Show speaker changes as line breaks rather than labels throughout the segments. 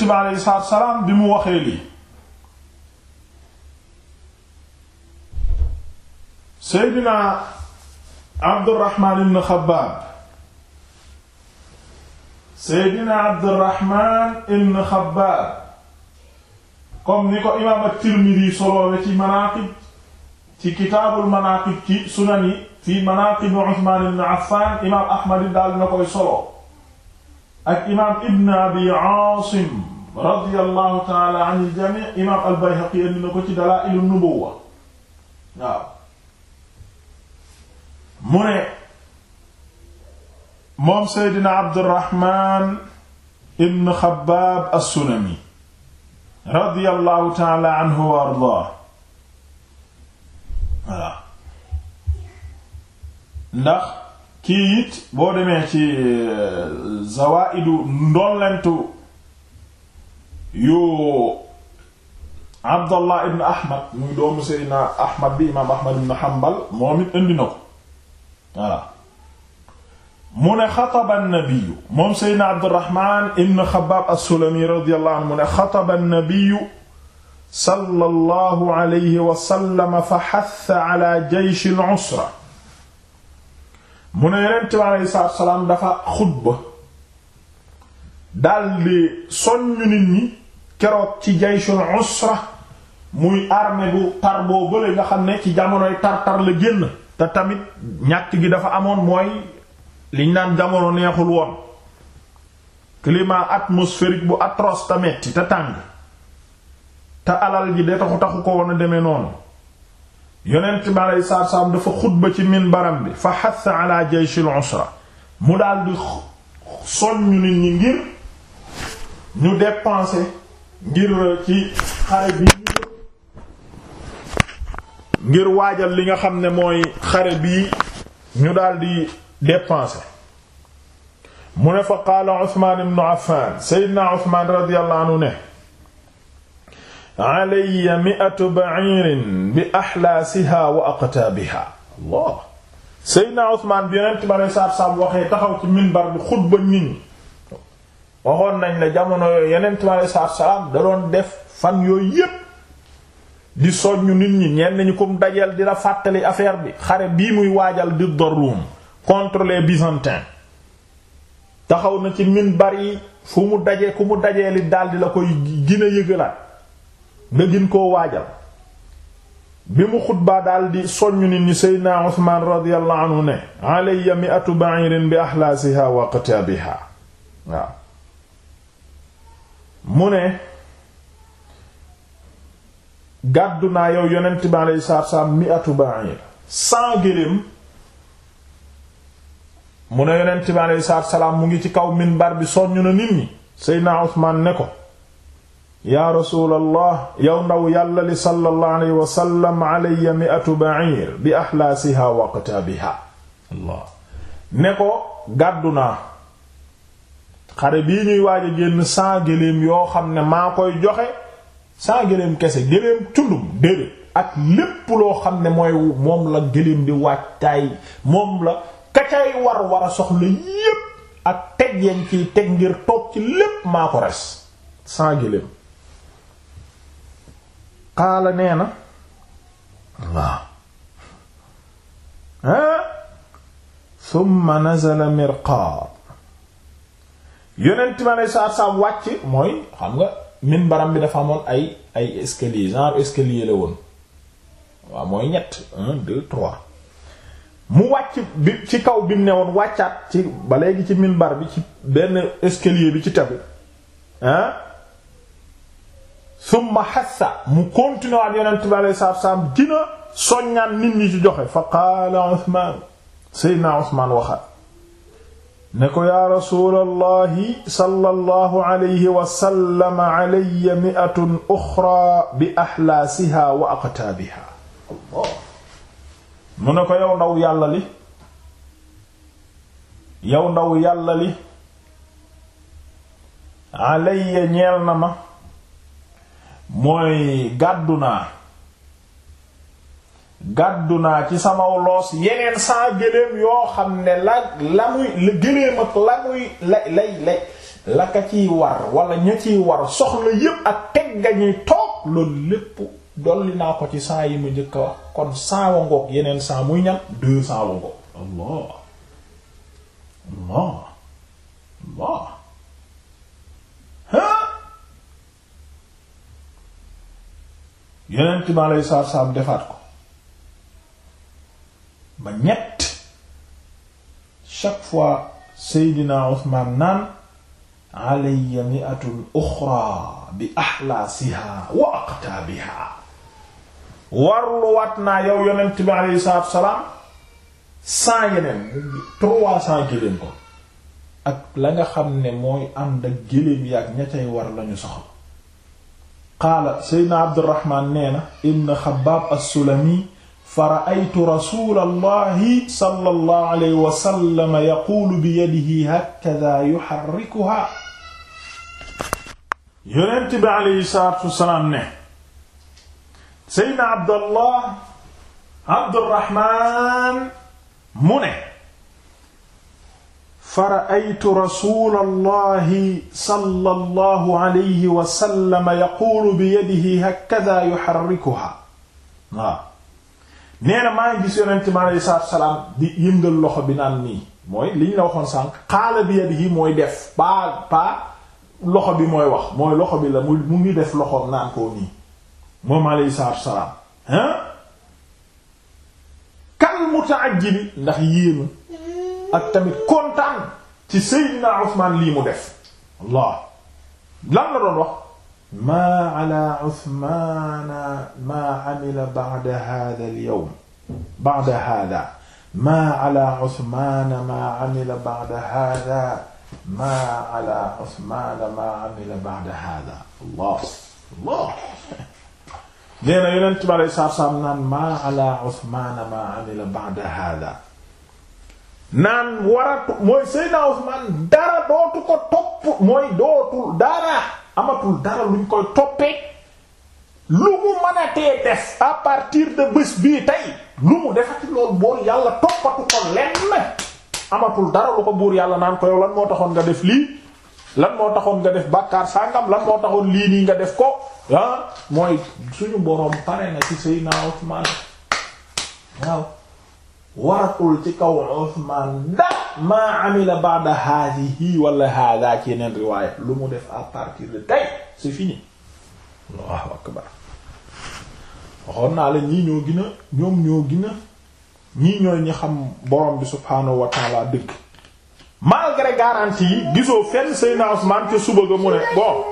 yonent bi aleyhi salaatu salaam bi mu waxee lii Seydina Abdurrahman ibn Xabbaab Seydina Abdurrahman ibn Xabbaab comme ni ko imaam at-Tirmidhi soloowe ci Manaaqib ci kitaabul Manaaqib ci sunani fi Manaaqib Usmaan ibn Affaan imaam Ahmad daal na koy solo ak imaam Ibn Abi Aasim radiyallahu taala an al-jamii imaam al-Bayhaqi indi na ko ci Dalaa'ilun Nubuwwa waaw mu ne moom Seydina Abdurrahman Ibn Xabbaab as-Sulami radiyallahu taala anhu wa ardaahu voilà ndax. kii it boo demee ci euh, zawaidu ndollentu yu abdallah ibn ahmad muy doomu seydina ahmad bi imaam ahmad ibn hanbal moom it indi na ko voilà mu ne xataba annabiyu moom seydina abdurrahman ibn xabaab as-sulami radiyallahu anhu mu ne xataba annabiyu sallallahu alayhi wa sallam fa hassa ala jaysh al-usra mu ne yonent bi aleyhi salaatu salaam dafa xutba daldi soññu nit ñi keroog ci jayshul usra muy armée bu tar boo bële nga xam ne ci jamonoy tar-tar la génn te tamit ñàkk gi dafa amoon mooy liñ ñaan jamono neexul woon climat atmosphérique bu atroce te metti te tàng te alal ji de taxu taxu ko woon a noonu yonent bi aleyhi salaatu wa salaam dafa xutba ci minbaram bi fa xassa ala jayshil usra mu daal di soññu nit ñi ngir ñu dépenser ngir ci xare bi ngir waajal li nga xam ne mooy xare bii ñu daal di dépenser mu ne fa qaala Usmaan ibn Affaan Seydina Usmaan radiyallahu anhu ne alayya mi'atu ba'irin bi axlaasiha wa ne waxoon nañ la jamono yooyu yonent ma ne saab fan yooyu yépp di soññu nit ñi ñenn ñi kum dajal di la fàttali affaire bi xare bii muy waajal di Darruum contre les taxaw na ci minbar yi fu mu dajee ku mu la koy gina yëgalaat nga koo waajal bi mu xutbaa daldi soññ nit ñi seydna Usmaan radiyallahu ne mu ne gàddu naa yow yonent bi alayhi salaatu wassalaam mi'atu mu ngi ci kaw minbar bi soññ na nit ñi seydna Usmaan ne ko yaa rasuulallah yow ndaw yàlla li sallallahu alayhi wa sallam alayya mi'atu ba'ir bi ahlaasiha wa aqtaabiha allah ko gàddu naa xare bii ñuy waaj a génn géléem yoo xam ne maa koy joxe cent géléem kese géléem tundum déedéet ak lépp loo xam ne mooy moom la géléem di waajtaay moom la kacay war war soxla yépp ak teg yañ ciy teg ngir toog ci lépp maa ko res qaala nee na waaw ah thumma nazala mirqaat yonent ma lay saar saam wàcc mooy xam nga minbaram bi dafa amoon ay ay escalier genre escalier la woon waaw mooy ñett un trois mu wàcc bi ci kaw bi mu ne woon wàccaat ci ba léegi ci minbar bi ci benn escalier bi ci tegu summa xassa mu continué waat yonent bi alayhi salaatu salaam dina soññaan nit ñi ci joxe fa qaala Usmaan Seydina Usmaan waxaat ne ko yaa rasuulallahi sallallahu alayhi wa sallam alayya mi'atun uxraa bi axlaasihaa wa aqtaabihaa mu ne ko yow ndaw yàlla li yow ndaw yàlla li alayya ñeel na ma mooy gàddu naa gàddu naa ci samaw loos yeneen saa géléem yoo xam ne la la muy la géléem ak la muy lay lay la ciy war wala ña ciy war soxla yépp ak teg nga ñuy toog loolu lépp dolli naa ko ci saa yi mu njëkk wax kon saa wa ngoog yeneen saa muy ñam deux saa wa ngoog allah allah allah yonent bi aleyhi salaatu wa salaam defaat ko ba ñett chaque fois Seydina Usmaan naan alayya mi'atun uxraa bi axlaasihaa wa aqtaabihaa warluwaat naa yow yonent bi aleyhi salaatu wa salaam cent yeneen trois cent gëléem ko ak la nga xam ne mooy ànd ak gëléem yi ak ña war lañu soxla qaala seydna abdirahman nee na ibn xabaab assulami fa raaytu rasula allahi sala allah alayhi wasallam yaquulu bi yadihi hakada yuxarrikuha yonent bi aleyhi salaatu wassalaam ne seydna abdallah abdirahman mu ne fara'aytu rasuulallahi sallallahu alayhi wa sallam yaquulu bi yadihi hakadha yuharrikuha waaw nee na gis yonent mi alayhi salaatu wa salaam di yëngal loxo bi naan nii mooy li ñu la waxoon sànq qaala bi yadihi mooy def paa paa loxo bi mooy wax mooy loxo bi la mu ngi def loxo naan koo nii moom alayhi salaatu salaam ah kal muta'ajjili ndax yéemu ak tamit kontaan ci Seydina Usmaan lii mu def Allah lan la doon wax maa ala Usmaana maa amila ba'da haadha al-yawm ba'da haadha maa ala Usmaana maa amila ba'da haadha maa ala Usmaana maa amila ba'da haadha Allah Allah nee na yeneen ci bari saar saam naan maa ala Usmaana maa amila ba'da haadha naan waratu mooy Seydina Usmaan dara dootu ko topp mooy dootul dara amatul dara luñ koy toppee lu mu mën a tee def à partir de bés bii tey lu mu defati loolu boor yàlla toppatu ko lenn amatul dara lu ko buur yàlla naan ko yow lan moo taxoon nga def lii lan moo taxoon nga def bàkkaar sàngam lan moo taxoon lii nii nga def ko ah, mooy suñu boroom pare na ci Seydina Usmaan waaw waratul ci kaw Usmaan da maa amila ba'da haadihi wala haada ci yeneen riwaaya lu mu def à partir de tey c'est fini Allahu akbar waxoon naa la ñii ñoo gën ñoom ñoo gën ñii ñooy ñi xam borom bi subhaanahu wa taala dëkk malgré gisoo fenn Seydina Usmaan ca suba ga mu ne bon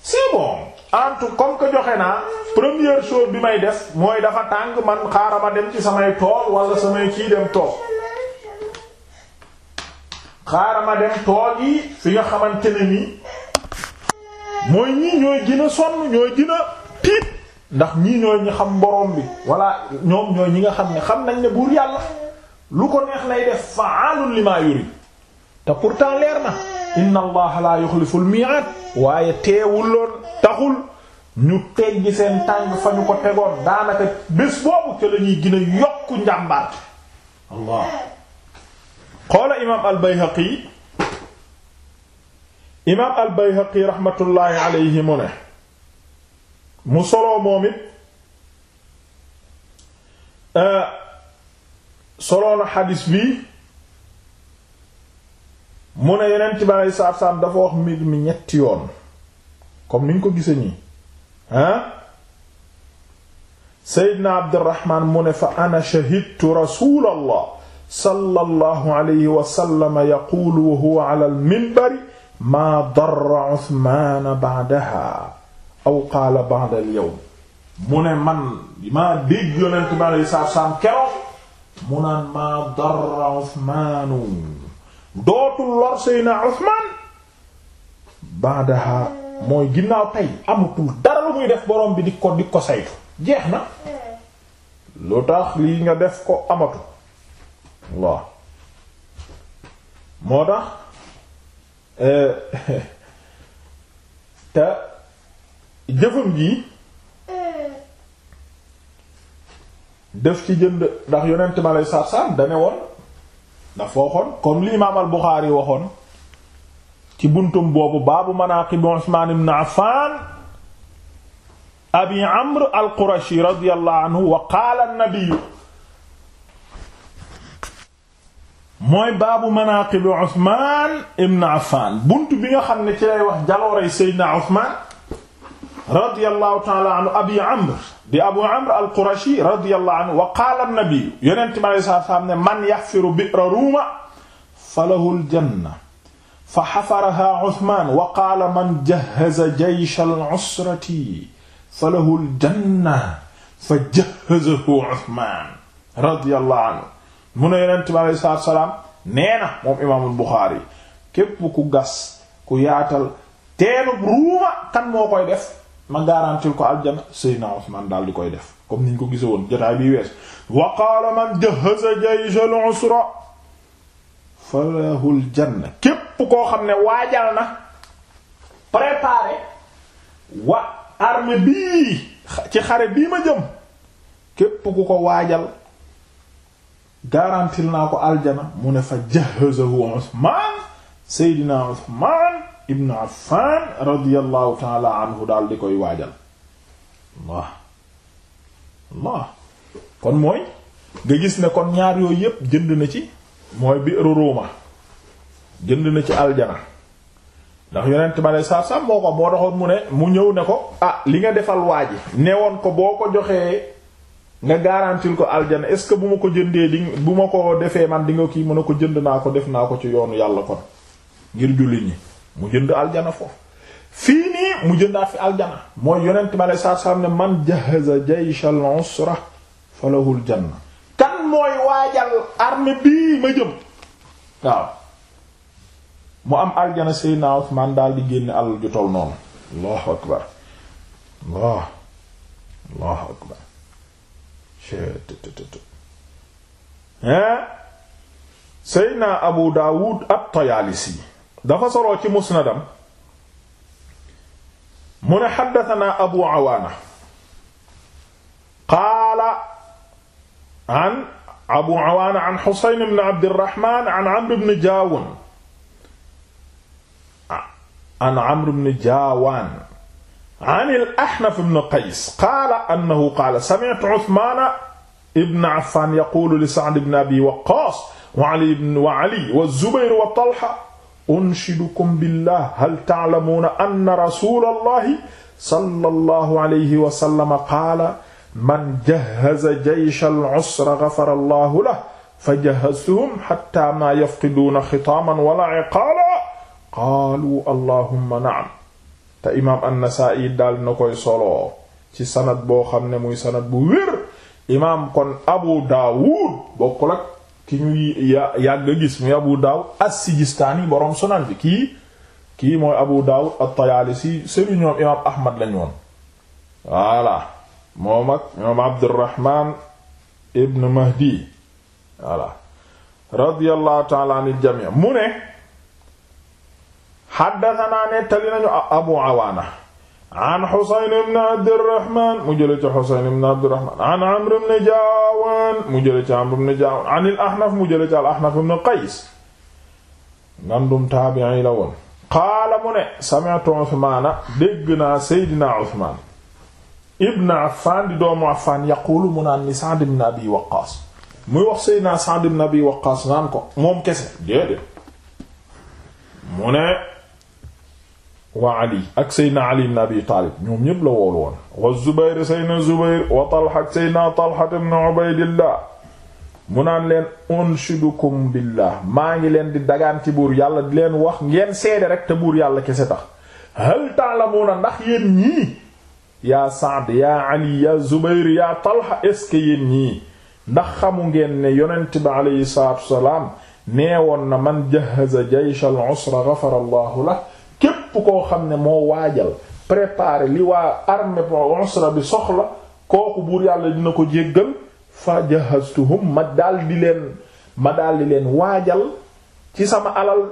c'est bon en tout comme que joxe naa première chose bi may def mooy dafa tàng man xaaral ma dem ci samay tool wala samay kii dem tool xaaral ma dem tool yi fi nga xamante ne nii mooy ñii ñooy gën a sonn ñooy gën a ndax ñii ñooy ñi xam borom bi wala ñoom ñooy ñi nga xam ne xam nañ ne buur yàlla lu ko neex lay def fa'alun lima yuri te pourtant leer na inna allaha yuxliful mi'ad waaye teewuloon taxul ñu teggi seen tàng fa ñu ko tegoon daanaka bés boobu ca la ñuy gën a yokku imaam al-Bayhaqi imaam al-Bayhaqi raxmatullaahi mu ne mu soloo moom it euh, soloo na xadis bi mu ne yeneen ci ba alei dafa wax mi ñetti yoon comme niñ ko gise nii ah seydna abdirahman mu ne fa ana shahidtu rasul allah sallallahu alayhi wa sallam yaqulu wa huwa ala al-minbari maa darra Usmaan ba'daha aw qaala ba'da al-yawm mu ne man maa dégg yonent bi alayhi salaatu salaam keroog mu naan maa darra Usmaanu dootul lor Seydina Usmaan ba'daha mooy ginnaaw tey amatul dara lu muy def borom bi di ko di ko saytu jeex na lu tax lii nga def ko amatu waaw moo tax euh, te jëfam gi def ci jënd ndax yonent ma lay saar saar dane woon daf waxoon comme li imaam al Buxaari waxoon ci buntum boobu baabu manaaqibu Usmaan ibn Affaan abi Amr al-Qurashi radiyallahu anhu wa qaala an-nabiyyu mooy baabu manaaqibu Usmaan ibn Affaan bunt bi nga xam ne ci lay wax jaloorey Seydina Usmaan radiyallahu ta'ala anhu abi Amr di Abu Amr al-Qurashi radiyallahu anhu wa qaala an-nabiyyu yonent mi alayhi salaatu wa salaam ne man yahfiru bi'ra ruuma falahu al-janna fa xafaraha Usmaan wa qaala man jahhaza jaysha al-usrati falahu al-janna fa jahhazahu Usmaan radiyallahu anhu mu ne yonent bi alayhi salaatu wa salaam nee na moom imaamul Buxaari képp ku gas ku yaatal teenub ruuma kan moo koy def ma garantil ko aljana Seydina Usmaan daal di koy def comme niñ ko gise woon jotaay bi wees wa qaala man jahhaza jaysha al-usra falahul janna képp koo xam ne waajal na préparé wa armée bii ci xare bii ma jëm képp ku ko waajal garantil naa ko aljana mu ne fa jahazahu Usmaan Seydina Usmaan ibn Affan radiyallahu taala anhu daal di koy waajal Allah Allah kon mooy nga gis ne kon ñaar yooyu yépp jënd na ci mooy bi ruuma jënd na ci aljana ndax yonent ma ne saa moo ko moo taxoon mu ne mu ñëw ne ko ah li nga defal waa ji ne woon ko boo ko joxee nga garantil ko aljana est ce que bu ma ko jëndee di bu ma ko defee man di nga kii mën a ko jënd naa ko def naa ko ci yoonu yàlla kon ngir jullit ñi mu jënd aljana foofu fii nii mu jëndaat fi aljana mooy yonent ma ne saa saa ne man jahaza jayshal usra falahul janna mooy waajal armée bii ma jëm waaw mu am aljana Seydina Usmaan daal di génne alal noonu allahu akbar allah allahu akbar Seydina Abu Daawud at-Tayaalisi dafa soloo ci musnadam mu ne xaddatanaa Abu Awaana qaala an abu awaana an xusayn ibn abdirahman an amr ibn jaawun an amr ibn jaawaan an al-ahnaf ibn qays qaala annahu qaala sami'tu usmaana ibn affaan yaquulu li sa'd ibn abi waqqaas wa ali ibn wa ali wa zubayr wa talha unshidukum billah hal ta'lamuuna anna rasuulallahi sallallahu alayhi wa sallam qaala man jahaza jaysh al-usra ghafara Allahu lahu fa jahaztuhum hatta ma yafqiduuna xitaaman wala iqaala qaalu allahumma na'am te imaam an-Nasaa'i daal na koy solo ci sanad boo xam ne muy sanad bu wér imaam kon Abu Daawud bokkul ak ki ñuy yàgg a gis muy Abu Daawud as-Sijistaani boroom Sunan bi kii kii mooy Abu Daawud at-Tayaalisi sëriñ ñoom imaam Ahmad lañu woon voilà. moom ak ñoom Abdurrahman ibn Mahdi voilà radiyallahu ta'ala anil jami' mu ne xaddatanaa nettali nañu Abu Awaana an Xusayn ibn Abdurrahman mu jële ci Xusayn ibn Abdurrahman an Amr ibn Jaawaan mu jële ci Amr ibn Jaawaan an al-Ahnaf mu jële ci al-Ahnaf ibn Qays ngandum taabi'i la woon qaala mu ne sami'tu Usmaana dégg naa Seydina Usmaan ibn Affan di doomu Affan yaqulu mu naan ni Sa'd ibn Abi Waqqas muy wax Seydina Sa'd ibn Abi Waqqas naan ko moom kese déedéet mu ne wa Ali ak Seydina Ali ibn Abi Taalib ñoom ñépp la wool woon wa Zubayr Seydina Zubayr wa Talha ak Seydina Talha ibn Ubaydillah mu naan leen unshidukum billah maa ngi leen di dagaan ci buur yàlla di leen wax ngeen seede rek te buur yàlla kese tax hal ta'lamuna ndax yéen ñii yaa Saad yaa Ali yaa Zubayr yaa Talha est-ce que ndax xamu ngeen ne yonent bi aleyhi salaatu wasalaam na man jahaza jaysh al usra ghafara allahu la képp koo xam ne moo waajal préparer li waa bi soxla kooku buur yàlla dina ko jéggal fa jahaztuhum ma daldi leen ma daldi waajal ci sama alal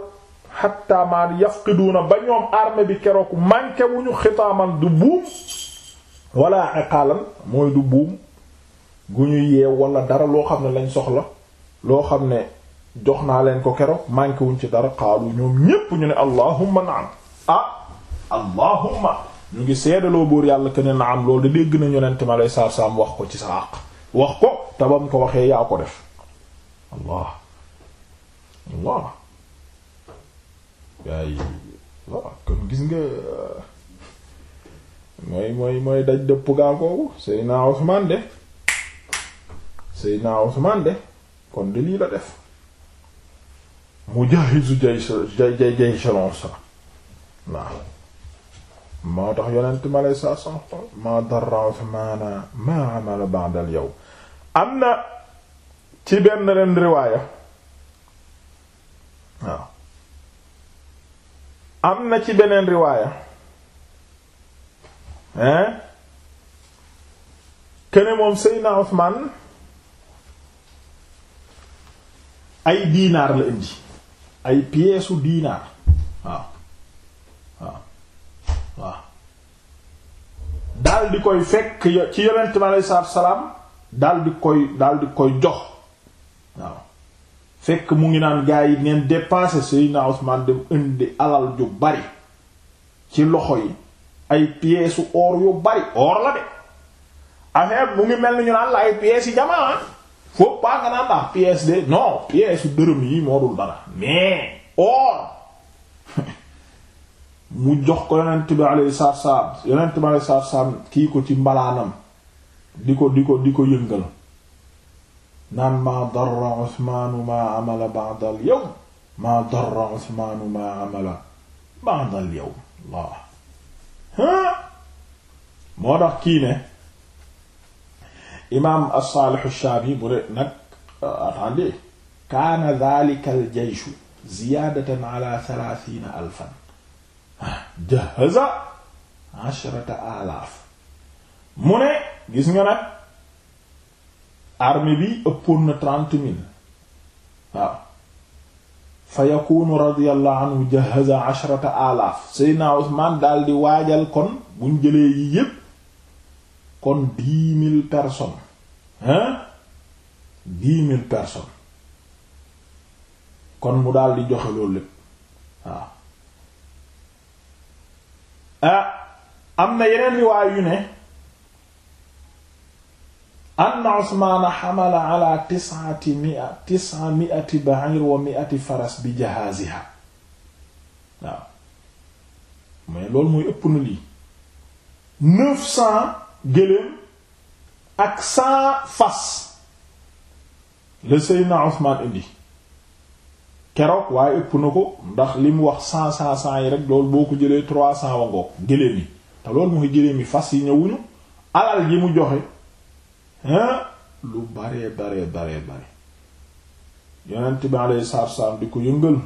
hatta ma yafqiduuna ba ñoom armée bi keroog manqué wu ñu xitaaman du buum wala aqalan mooy du buum gu ñuy yeew wala dara loo xam ne lañ soxla loo xam ne jox naa leen ko keroog manqué wuñ ci dara xaalu ñoom ñépp ñu ne allahumma naam ah allahumma ñu ngi seedaloo buur yàlla que ne naam loolu de dégg nañu nent ma lay saar saam wax ko ci sa àq wax ko tabam ko waxee yaa ko def allah allah yaay kon gis nga mooy mooy mooy daj dëpp gaa kooku Seydina Usmaan de Seydina Usmaan de kon di lii la def mujahizu jay jay shalon sa waaw moo tax yonent ma lay saa san xol ma darra Usmaana ma amala ba'dal yawm am na ci benn ren riwaaya waaw am na ci beneen riwaaya hein kene moom Seydina Usmaan ay diinaar la indi ay piyeesu diinaar waaw waaw waaw dal di koy fekk ci yonent bi aleyhi salaatu salaam dal di koy dal di koy jox waaw fekk mu ngi naan gaa yi ngeen dépassé Seydina Usmaan dem indi alal ju bari ci loxo yi ay pièces or yu bari or la de affaire mu ngi mel ni ñu naan la ay pièces yi jamaa faut pas nga naan la pièces de non pièces dërëm yi moo dul dara mais or mu jox ko yonent bi alayhi salaatu salaam yonent bi alayhi salaatu salaam kii ko ci mbalaanam di ko di ko di ko yëngal naan maa darra Usmaanu maa amala ba'dal yawm maa darra Usmaanu maa amala ba'dal yawm Allah moo tax kii ne imaam as-Salih ash-Shabi bu de nag euh, attendez kaana dhalika al-jaysh ziyaadatan ala thalathina alfan ah, jahaza ashrata alaaf mu ne gis nga nag armée bi ëppoon na trente mille waaw fa yakunu radiyallahu anhu alaaf seydna Usmaan daal di waajal kon buñ jëlee yi yépp kon dix mille personnes hein dix mille kon mu daal di joxe loolu lépp waaw ah, am na yeneen riwaay yu ne anna Usmaana xamala ala tis'ati mi'a tis'a mi'ati ba'ir wa mi'ati faras bi jahaaziha waaw mais loolu mooy ëpp na fas la Seydina Usmaan indi keroog waaye na ko ndax li mu wax cent cent cent yi rek loolu boo ko jëlee trois cent wa ngoog yi te loolu mooy gëléem yi fas yi ñëwuñu alal yi mu joxe lu bare bare bare bare yonent bi alayhi salaatu salaam di ko yëngal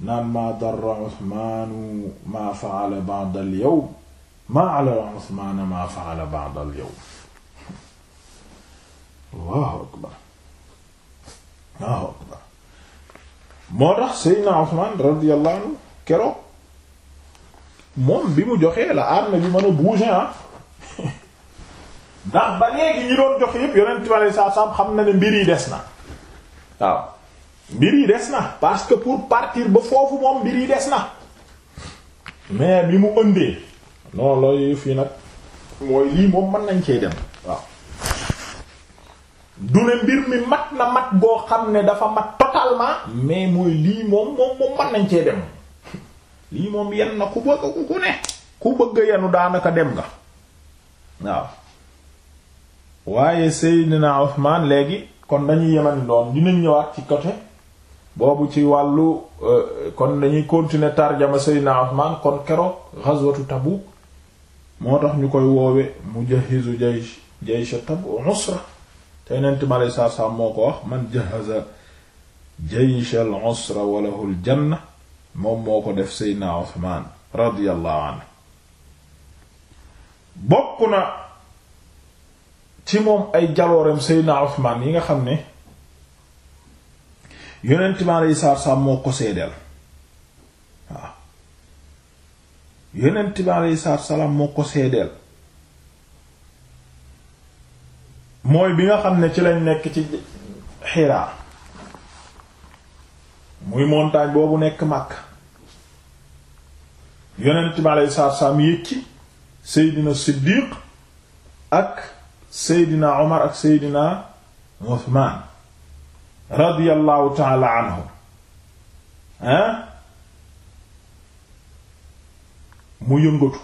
naan maa darra Usmaanu maa fa'ala ba'da al-yawm maa ala Usmaana maa fa'ala ba'da al-yawm Allahu akbar Allahu akbar moo tax Seydina Usmaan radiyallahu anhu keroog moom bi mu joxee la arme bi mën a bouger ah ndax ba léegi ñi doon jox yëpp yonent bi alayhi salaatu salaam xam na ne mbir yi des na waaw mbir yi des na parce que pour partir ba foofu moom mbir yi des na mais bi mu ëndee non looy fii nag mooy lii moom mën nañ cee dem mbir mi mat boo xam ne dafa mat totalement mais mooy lii moom nañ cee dem lii moom yenn na ku bëgg ku ne ku bëgg yenu daanaka dem nga waaw waaye Seydina Usmaan léegi kon dañuy yeman doon dinañ ñëwaat ci côté boobu ci wàllu euh, kon dañuy continuer tarjama Seydina Usmaan kon keroog ghazwatu Tabuk moo tax ñu koy woowe mu jaysh jaysh Tabuk usra te nent ma moo ko wax man jahaza jaysh al usra wa lahu janna moom moo ko def Seydina Usmaan radiyallahu anhu bokk na ci moom ay jalooreem Seydina Usmaan yi nga xam ne yonent ma lay saar saam moo ko seedeel waaw yonent bi aleyhi salaatu moo ko seedeel mooy bi nga xam ne ci lañ nekk ci xiraa muy montagne boobu nekk Makka yonent bi aleyhi salaatu salaam yëg ci Seydina Siddiq ak seydina omar ak seydina uthman radiyallahu taala anhu hein mu yëngatu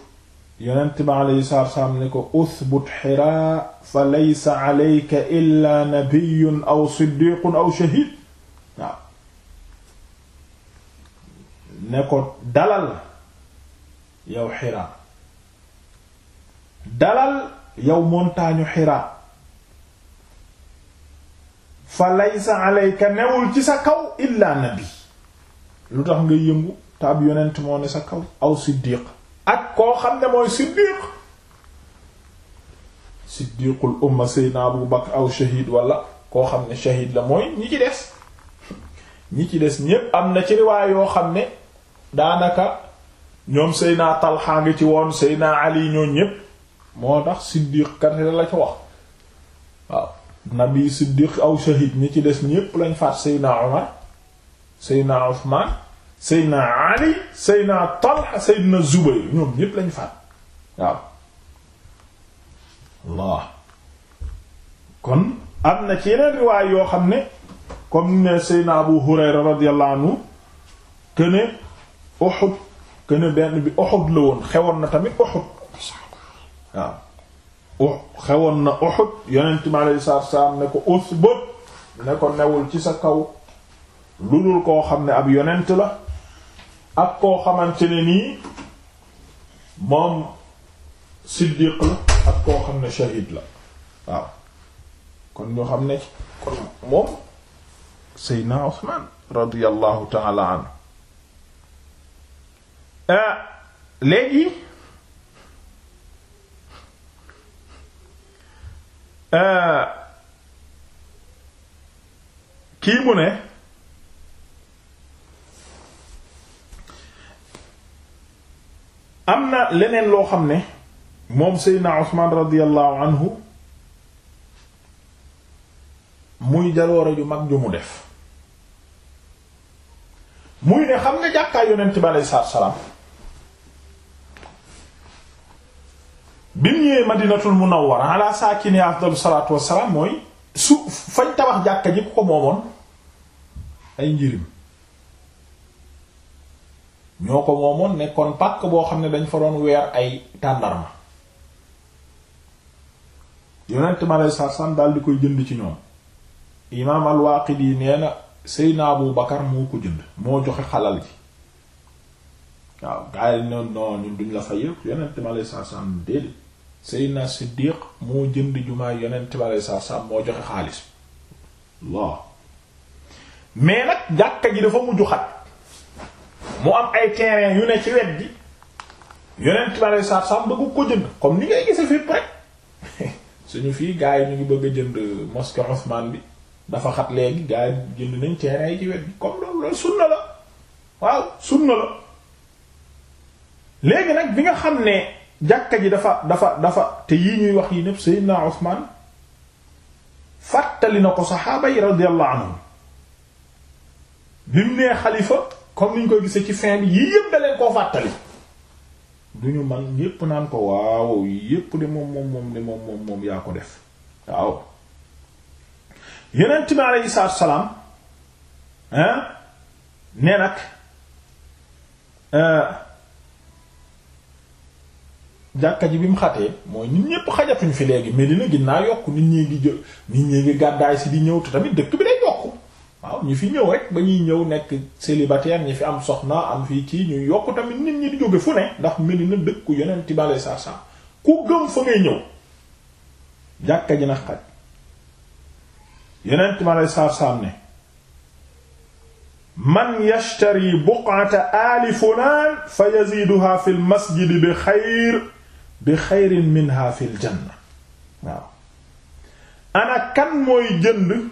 yonent bi aleyhi salaatu salaam ne ko uthbut xiraa fa laysa aleyka illa nabiyyun aw siddiqun aw shahid waaw ne ko dalal yow xiraa dalal yow montagne Hira fa laysa alayka newul ci sa kaw illa nabi lu tax nga yëngu te ab yonent moo ne sa kaw aw siddiq ak koo xam ne mooy siddiq siddiqul umma sayyidina abu bakr aw shahid wala koo xam ne shahid la mooy ñi ci des ñi ci des ñépp am na ci riwaay yoo xam ne daanaka ñoom sayyidina talha ngi ci woon sayyidina ali ñoo ñépp moo tax siddiq kat la ca wax waaw nabi siddiq aw shahid ñi ci des ñépp lañ faat seydna omar seydna uthman seydna ali seydna talha seydna zubayr ñoom ñépp lañ faat waaw Allah kon am na ci yeneen riwaay yoo xam ne comme ne seydna abu hurayra radiyallahu anhu këne Uhud këne benn bi Uhud la woon xewoon na tamit Uhud waaw u xewoon na Uhud yonent mi alayhi salaatu wasalaam ne ko usbut ne ko newul ci sa kaw lu dul koo xam ne ab yonent la ak koo xamante ne nii moom siddiq la ak koo xam ne shahid la waaw kon ñoo xam ne kon moom Seydina Usmaan radiyallahu ta'ala anhu eh, léegi Euh, kii mu ne am na leneen loo xam ne moom seydna Usmaan radiyallahu anhu muy jaloore ju mag ju mu def muy ne xam nga jàkkaay yonent bi aleyhi salaatu wa salaam bi mu ñëwee madinatul munawwara ala saakini afdalu salaatu wassalaam mooy su fañ tabax jàkka ji ku ko moomoon ay njirim ñoo ko moomoon nekkoon pàkk boo xam ne dañ fa doon weer ay tàndarma yonent ma lay sarsam daal di koy jënd ci ñoom imaam al-Waaqidi nee na Seydina Abu Bakar moo ko jënd moo joxe xalal ji waaw gaa yi non duñ la fa yëpp yonent ma lay sarsam déedéet Seydina Siddiq moo jënd jumaa yonent bi aleyhi salaatu salaam moo joxe xaalis waaw mais nag jàkka ji dafa mujj xat mu am ay terrain yu ne ci wet gi yonent bi aleyhi salaatu salaam bëgg ko jënd comme ni ngay gise fépp rek suñu fii gars yi ñu ngi bëgg a jënd mosquée Ousmane bi dafa xat léegi gars yi jënd nañ terrain yi ci wet gi comme loolu loolu sunna la waaw sunna la léegi nag bi nga xam ne. jàkka ji dafa dafa dafa te yi ñuy wax yi ñépp Seydina Usmaan fàttali na ko saxaaba yi radiyallahu bi mu nee xalifa comme ni ñu koy gisee ci fin bi yii da leen koo fàttali du ñu man yépp naan ko waaw yépp de moom moom moom moom moom yaa ko def waaw yonent bi aleyhi salaatu salaam hein nag euh, jàkka ji bi mu xatee mooy ñu ñépp xajatuñ fi léegi Medina naa yokk nit ñi ngi jë nit ñi ngi gàddaay si di ñëw te tamit dëkk bi day yokk waaw ñu fi ñëw rek ba ñuy ñëw nekk célibataire ñu fi am soxna am fii ci ñuy yokk tamit nit ñi di jóge fu ne ndax Medina dëkk yeneen tibale sa sa ku gëm fa ngay ñëw jàkka ji na xaj yeneen tibale sa sa ne man yashtari buq'ata ali fulaan fa yaziiduha fil masjidi bi xayr bi xayrin minha fil janna waaw ana mooy jënd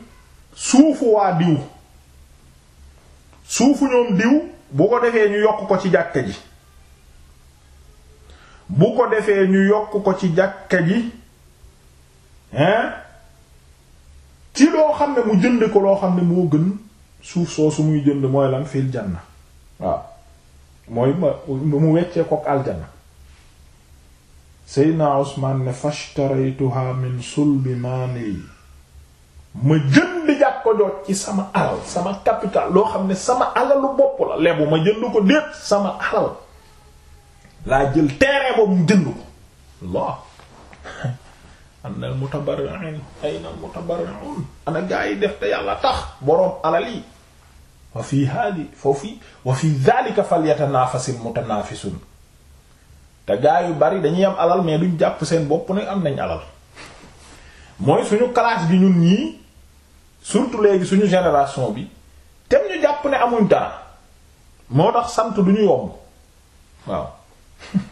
suufu waa diw suufu ñoom diw bu ko defee ñu yokk ko ci jàkka ji bu ko ñu yokk ko ci jàkka ji hein ci loo xam ne mu jënd ko loo xam ne moo gën suuf soosu muy jënd mooy lan fil janna waaw mooy ma mu weccee kook aljanna seydna Usmaan ne fashtaraytuha min sulbi maali ma jënd jàkko joot ci sama alal sama capital loo xam ne sama alalu bopp la lebu ma jënd ko déet sama alal laa jël terrain boobu mu jënd ko Allah anna al mutabarri'un ayna al mutabarri'un ana gaa tax boroom alal yi wa fi hadi foofu wa fi dhalika falyatanafasil mutanafisun te gaay yu bari dañuy am alal mais duñ jàpp seen bopp ne am nañ alal mooy suñu classe bi ñun ñii surtout léegi suñu génération bi tem ñu jàpp ne amuñ dara moo tax sant du ñu yomb waaw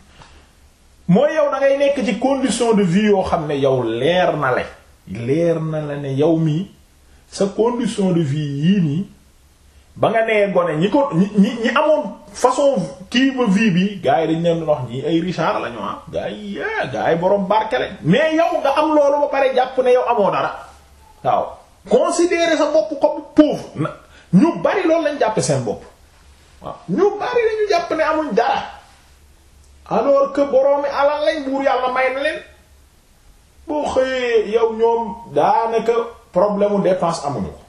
mooy yow da ngay nekk ci condition de vie yoo xam ne yow leer na la leer na la ne yow mii sa condition de vie yii nii ba nga nee gone ñi ko ñi ñi amoon façon kii ba vie bi gars yi dañ leen wax ñi ay Richard lañu ah gars yi eh, gars yi borom barkele mais yow nga am loolu ba pare jàpp ne yow amoo dara waaw considérer sa bopp ko pauvre na ñu bari lool lañ jàppe seen bopp waaw ñu bari lañu jàpp ne amuñ dara alors que boroomi alal lañ buur yàlla may na leen boo xëyee yow ñoom daanaka problème mu dépense amuñu ko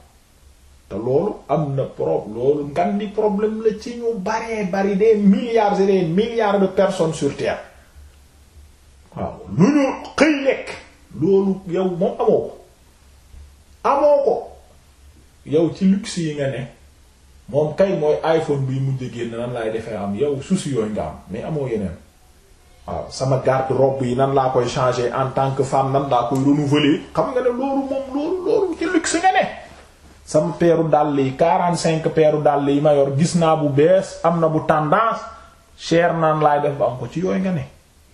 te loolu am na problème loolu ngan di problème la ci ñu baree bari des milliards et des milliards de personnes sur terre waaw lu ñu xëy lekk loolu yow moom amoo ko amoo ko yow ci luxe yi nga ne moom kay mooy iPhone bi mujj génn nan laay defee am yow souci yooyu nga am mais amoo yeneen waaw sama garde-robe yi nan laa koy changer en tant que femme nan laa koy renouveler xam nga ne loolu moom loolu loolu ci luxe nga ne sama peeru dàll yi quarante cinq peeru dàll yi ma yor gis naa bu bees am na bu tendance cher naan laay def ba am ko ci yooyu nga ne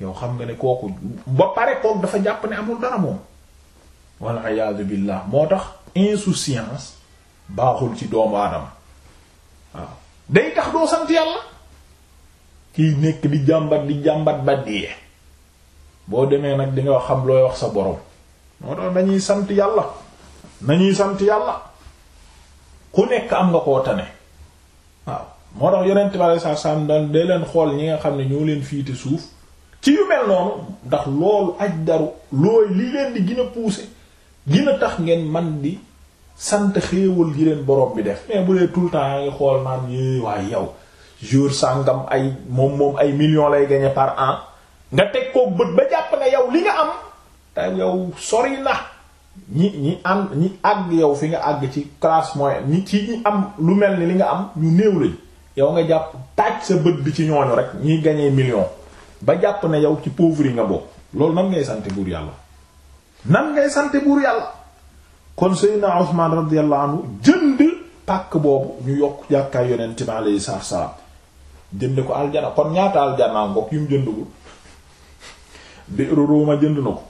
yow xam nga ne kooku ba pare kooku dafa jàpp ne amul dara moom walla iyaadu billaah moo tax insouciance baaxul ci doomu aadama waaw day tax doo sant yàlla kiy nekk di jàmbat di jàmbat ba dee boo demee nag di xam looy wax sa borom moo tax nañuy sant yàlla nañuy sant yàlla ku nekk am nga koo tane waaw moo tax yonent bi alei satu salaam daan dee leen xool ñi nga xam ne ñoo leen fii fiite suuf ci yu mel noonu ndax loolu aj daru looy li leen di gina a dina tax ngeen man di sant xéewal gi leen borom bi def mais bu dee tout le temps yaa ngi xool naan yé waaye yow jour sàngam ay moom moom ay millions lay gagner par an nga teg koo bët ba jàpp ne yow li nga am te yow sori na ñi ñi am ñi àgg yow fi nga àgg ci classe moyenne ñi ci ñi am lu mel ni li nga am ñu néew lañ yow nga jàpp taaj sa bët bi ci ñooñu rek ñi gañee million ba jàpp na yow ci pauvre yi nga bokk loolu nag ngay sante buur yàlla nan ngay sante buur yàlla kon Seydina Usmaan radiyallahu anhu jënd pàkk boobu ñu yokk jàkkaay yonent bi alayhi salaam jënd ko aljana kon ñaata aljana ngokk yu mu jëndugul bi ruuma jënd na ko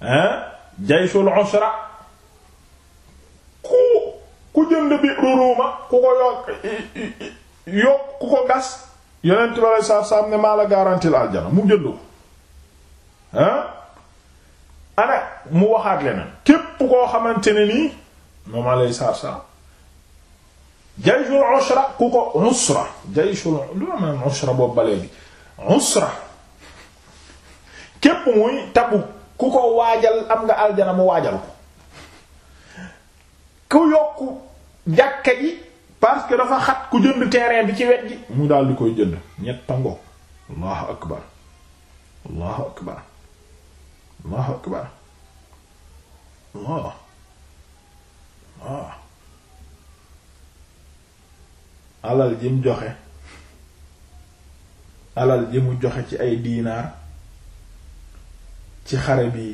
hein jayshul usra ku ku jënd bi ruruuma ku ko yokk ku ko gas yonent bi alei saatu ne maa la garantie la mu jënd ko ah ana mu waxaat leneen képp koo xamante ne nii moom alei saatu salaam jayshul ku ko usra jayshul lu ma usra boobu balee bi usra képp muy Tabuk ku ko waajal am nga aljana mu waajal ko ku yokku jàkka ji parce que dafa xat ku jënd terrain bi ci wet gi mu daal di koy jënd ñett ngoog allahu akbar allahu akbar allahu akbar alal ji mu joxe alal ji mu joxe ci ay diinaar ci xare bi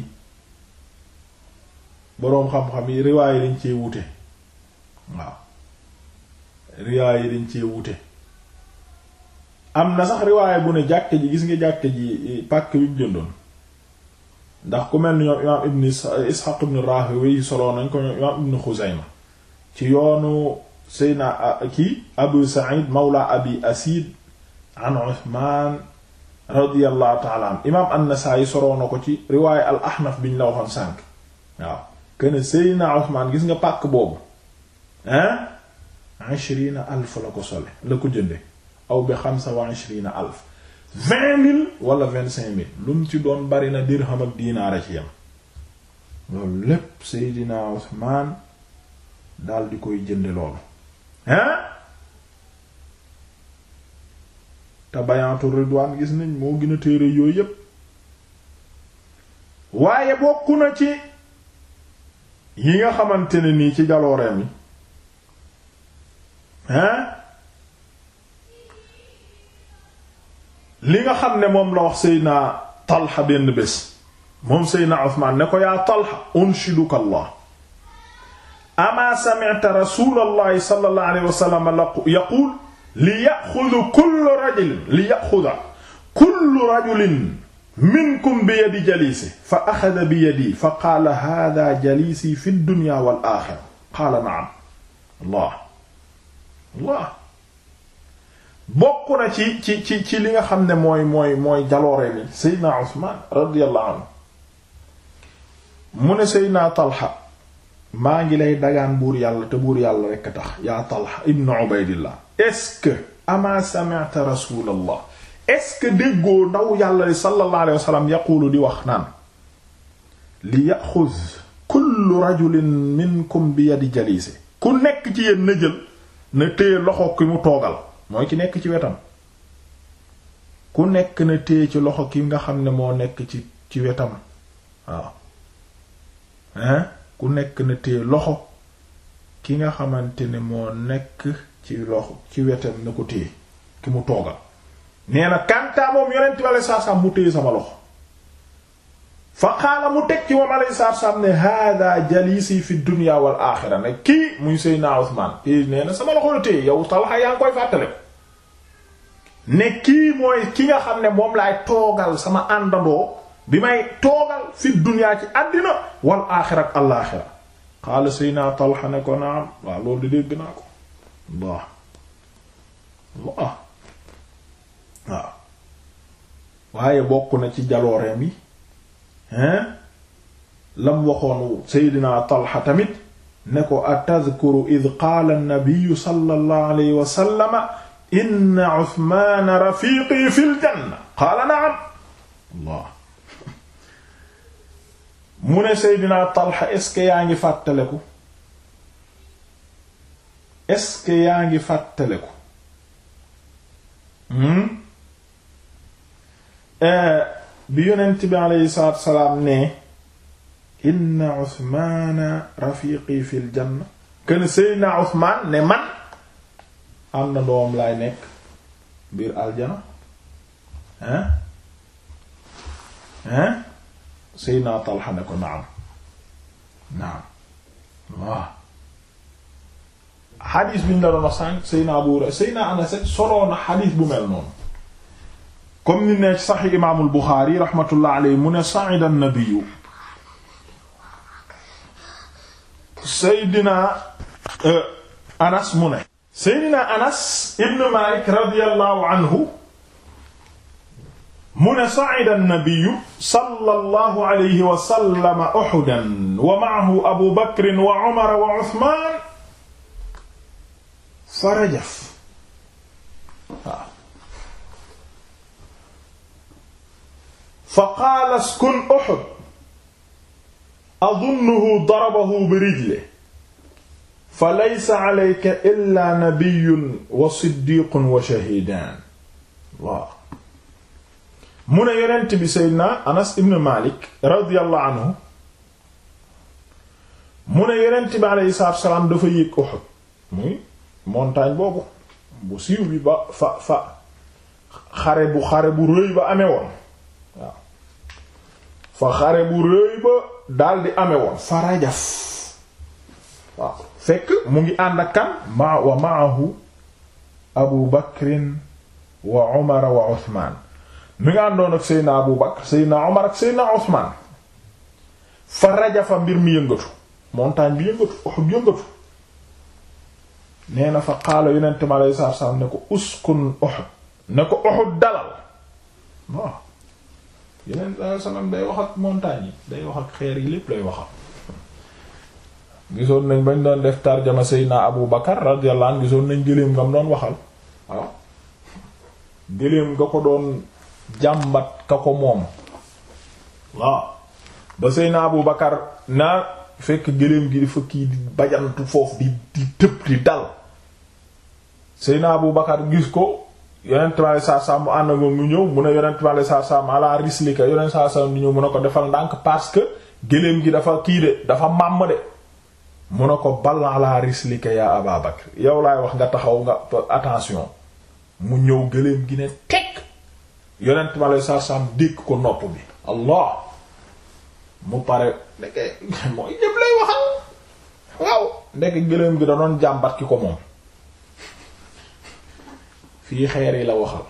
boroom xam-xam yi riwaay yi dañ cee wute waaw riwaay yi dañ cee wute am na sax riwaay bu ne jàkk ji gis nga jàkk ji e, pàkk bi mu jëndoon ndax ku mel ni ñoom imaam ibn ishaq ibn rahowi solo nañ ko ñoom imaam ibn xuzayma ci yoonu seyna kii abu sa'id mawla abi asid an uthman radiyallahu taala an imaam an-Nasaa'i soroo ko ci riwaaya al ahnaf biñ la waxoon waaw kene Seydina Usmaan gis nga pàkk boobu hein ishrina alf la ko sole la ko jënde aw bi xamsa wa ishrina alf vingt mille wala vingt cinq mille lu mu ci doon bari na dirham ak diinaara ci yam loolu lépp Seydina Usmaan dal di koy jënde loolu hein te bayantu ridwaan gis nañ moo gi a téere yooyu yépp waaye bokk na ci yi nga xamante ne nii ci jalooreem yi li nga xam ne moom la wax Seydina Talha benn bés moom Seydina Usmaan ne ko yaa Talha unshiduka Allah ama sami'ta rasulallahi sallallahu alayhi wa sallam li yaxudu kullu rajulin li yaxuda kullu rajulin minkum bi yadi jalisi fa axada bi yadi fa qaala hada jalisi fi dunya wal axira naam allah allah bokk na ci ci ci li nga xam ne mooy mooy mooy jaloore li seydna usman radiyallahu anhu mu ne seydna talha maa ngi lay dagaan buur yàlla te buur yàlla rekk tax yaa talha ibnu ubaydillah est-ce que ama sami'ta déggoo ndaw yàlla li sallallahu alayhi wa sallam di wax naan li yaxuz kullu rajulin minkum bi yadi jalise ku nekk ci yéen jël na téye loxo ki mu toogal mooy ki nekk ci wetam ku nekk na ci loxo ki nga xam ne moo nekk ci ci wetam waaw hein ku nekk na téye loxo ki nga xamante ne moo nekk ci loxo ci wetam na ko téye ki mu toogal nee na kantaa moom yonent bi alayhi salaam mu téye sama loxo fa qaala mu teg ci moom alayhi salaam ne hada jalisi fi dunya wal ne kii muy Seydina Usmaan kii nee na sama mooy ki nga xam ne moom laay toogal sama àndandoo bi may toogal fi dunya ci àddina wal axira ak al axira ne ko naam waaw loolu de dégg naa ko Allah Allah waaw waaye bokk na ci jalooreem yi hein lam waxoon Seydina Talha tamit ne ko atadkuru id qaala an-nabiyyu sallallahu alayhi wa sallama inna Usmaana rafiiqii fil janna qaala na'am mu ne Seydina Talha est-ce yaa ngi fàttaleku est yaa ngi fàttaleku hmm eh, bi yonent bi aleyhi salaatu wasalaam ne inna Usmaana rafiqi fil janna ken Seydina Usmaan ne man am na doom laay nekk biir aljana hein eh? eh? hein Seydina Talha ko naam naam waaw xadis bi ñu la doon wax sànq Seyna Abu Hurayra Seyna Anas soloon na xadis bu mel noonu comme ni ne sax imaamul Buxaari rahmatullah aleyhi mu ne sa'ida an-nabiyyu Seydina euh, Anas mu ne. Seydina Anas ibn Maalik radiyallahu anhu mu ne sa'ida an-nabiyyu sallallahu alayhi wa sallam Uhudan wa ma'ahu Abu Bakr wa Umar wa Uthman farajaf waaw fa qaala askun Uhud adunnuhu darabahu bi rijli fa laysa alayka illa nabiyyun wa siddiqun wa shahidaan waaw mu ne yonent bi seydina Anas ibn Malik radiyallahu anhu mu ne yonent bi aleyhi salaatu wa salaam dafa yéeg Uhud muy montagne boobu bu siiw bi ba fa fa xare bu xare bu rëy ba amee woon waaw fa xare bu rëy ba daldi amee woon fa rajaf fekk mu ngi ànd ak kan ma wa maahu abu bakrin wa omara wa osmaan mi nga àndoon ak seydna abu bakr seydna omar ak seydna osmaan fa rajafa mbir mi yëngatu montagne bi yëngatu ox bi nee na fa qaala yonent mi alayhi salaatu salaam ne ko uskun Uhud ne ko Uhud dalal waaw yonent alayhi day wax ak montagne yi day wax ak xeer yi lépp lay wax gisoon nañ bañ doon def tarjama Seydina Abu Bakar radiyallahu anhu gisoon nañ gëléem nga mu doon waxal waaw nga ko doon jàmbat ka ko moom waaw ba Seydina Abu Bakar naa fekk gëléem gi dafa kii di bajantu foofu di di tëb di dal Seyna Abu Bakar gis ko yonent mi alei saatu salaam mu ànd ak moom mu ñëw mu ne yonent mi alei saatu salaam ala rislika ñëw mu ne ko defal ndànk parce que gëléem gi dafa kii de dafa màmm de mu ne ko bal ala rislika ya Aba yow laay wax nga taxaw nga attention mu ñëw gëléem gi ne teg yonent mi alei saatu dékk ko nopp bi Allah mu pare ndeke mooy ñëpp lay waxal waaw ndeke gëléem gi da jàmbat ki ko moom fii xeer yi la waxal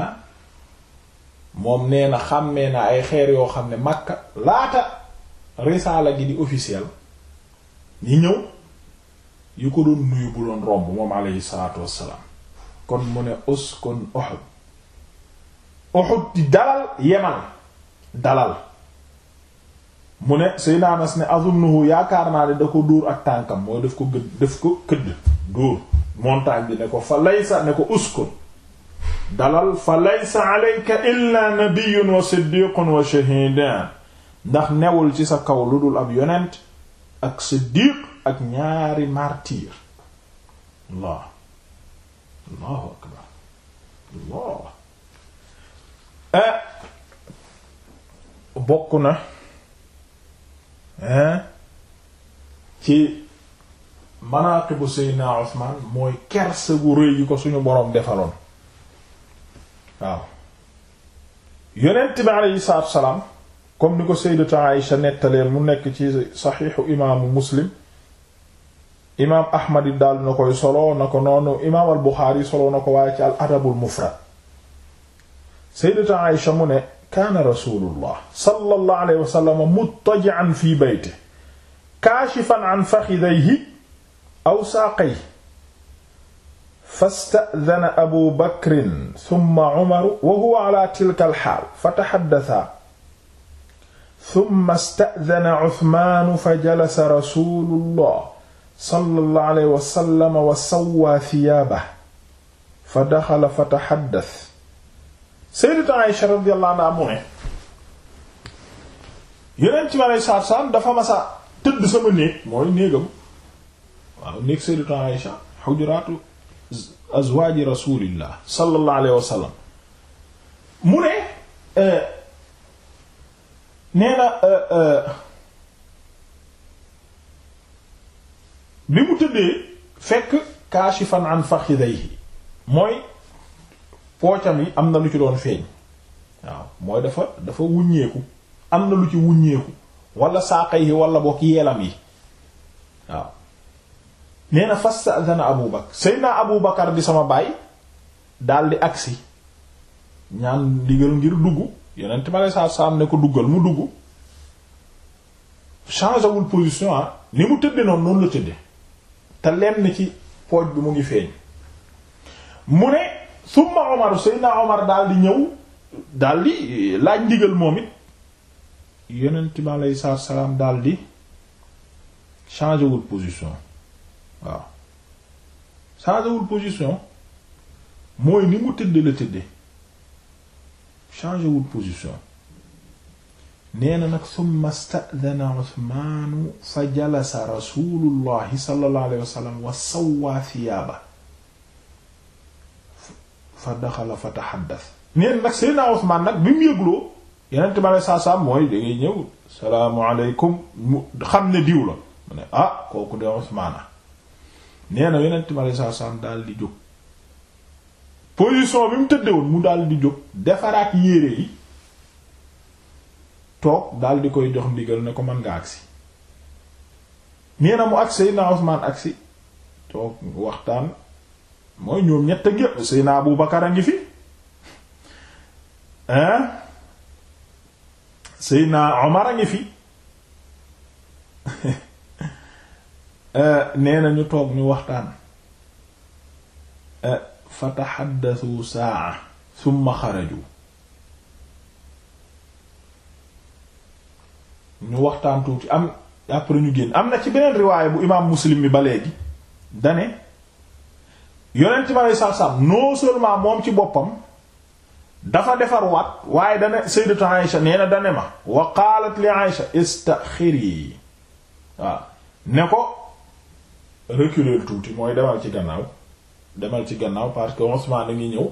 ah moom nee na xàmmee na ay xeer yoo xam ne Makka laata risaala gi di officiel ñi ñëw yu ko doon nuyu bu doon romb moom alayhi wassalaam kon mu ne uskun Uhud Uhud di dalal Yeman dalal mu ne Seydina Anas ne azunnuhu yaakaar naa ne da ko duur ak tànkam mooy def ko gëdd daf ko këdd dóor montagne bi ne ko fa laysa ne ko uskun dalal fa laysa alayka illa nabiyyun wa siddiqun wa shahidan ndax newul ci sa kaw lu dul ab yonent ak siddiq ak ñaari martyr allah allahu akbar eh, bokk na hein ci manaaqibu Seydina Usmaan mooy kersa gu rëy yi ko suñu boroom defaloon waaw yonent bi aleyhi salaatu wa salaam comme ni ko Sayyidatu Aïsha nettaleel mu nekk ci saxiixu imaamu Muslim imaam Ahmad yi daal na koy solo na ko noonu imaam al Buxaari solo na ko waaye ci al adabul mufrad Sayyidatu Aïsha mu ne kaana rasulullah sallallahu alayhi wa sallam muttaji'an fi baytihi kaashifan an fakhidayhi aw saaqayhi fasta'dhana abu bakrin thumma umaru wa huwa ala tilka al-haal fatahaddathaa thumma ista'dhana uthmaanu fajalasa rasulullah sallallahu alayhi wa sallam wa sawwaa thiyaabahu fadaxala fatahaddatha Sayyidatu Aisha radiyallahu anha mu ci wàllu saabsaab dafa masa tëdd sama néeg mooy néegam waaw néeg Sayyidatu Aisha xujuraatu azwaaji rasulillah sallallahu alayhi wa sallam mu ne euh, euh, euh, bi mu tëddee fekk kaashifan an fakhidayhi mooy. poocam yi am na lu ci doon feeñ waaw mooy dafa dafa wuññeeku am na lu ci wuññeeku wala saaqa yi wala bokk yeelam yi waaw nee na fastadana abu bakar seydna abu bakar di sama baay dal di agsi ñaan digal ngir dugg yonent ma lay saa saam ne ko duggal mu dugg changewul position ah ni mu tëdde noonu noonu la tëdde te lenn ci pooj bi mu ngi feeñ mu ne summa Omar Seydina Omar daal di ñëw daal di eh, laaj ndigal moom it yonent bi aleyhi salaatu daal di changé wul position waaw changé wul position mooy ni mu tëdd la tëdde changé wul position nee na nag summa sta'dana Usmaanu fa jalasa rasuulullahi sallallahu alayhi wa sallam wa fa daxala fa taxaddas neen nag Seydina Usmaan nag bi mu yëgloo yeneen ma lay saa saa mooy dangay ñëw salaamualeykum mu xam ne diw la mu ne ah kooku de Usmaana nee na ma lay saa saa di jóg position bi mu tëddewoon mu daal di jóg defaraat yére yi toog daal di koy jox ndigal ne ko man nga agsi nee na mu agsi Seydina Usmaan agsi toog waxtaan. mooy ñoom ñett a ngi Seydina Abu Bakar a ngi fi hein Seydina Omar a ngi fi euh, neena ñu toog ñu waxtaan euh, fa taxaddasu saa summa xaraju ñu waxtaan tuuti am après ñu génn am na ci beneen riwaaya bu imaam Muslim bi ba léegi dane yonent bi aleyhi salaatu salaam non seulement moom ci boppam dafa defar waat waaye dane sayyidatu Aïsha nee na dane ma wa qaalat li xiir istaxiri waaw ne ko reculer tuuti mooy demal ci gannaaw demal ci gannaaw parce que Usmaan a ngi ñëw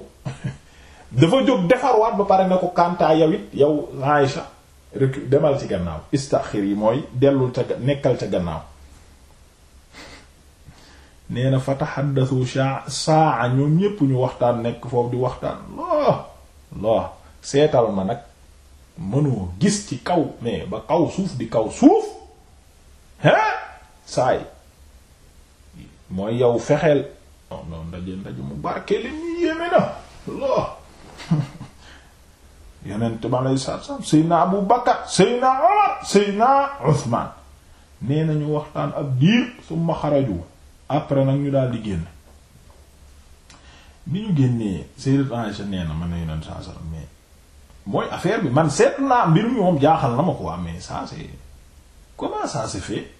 dafa jóg defar waat ba pare ne ko kantaa yow it yow Aïsha recule demal ci gannaaw istaxiri mooy dellul ca nekkal ca gannaaw nee na fa taxaddasu saa ñoom ñépp ñu waxtaan nekk foofu di waxtaan loo loo seetal ma nag mënoo gis ci kaw mais ba kaw suuf di kaw suuf hein saay mooy yow fexeel oh, non ndaje ndaje mu barkee li ñu yéeme na loo yeneen ma lay saab saab Seydina Abu Bakar Seydina Omar Seydina Usmaan nee nañu waxtaan ab diir summa xaraju après nag ñu daal di génn bi ñu génnee Sayyidat Aisha nee na man nañu doon saa saa mais mooy affaire bi man seet naa mbir mi moom jaaxal na ma ko amee mais ça c'est comment ça se fait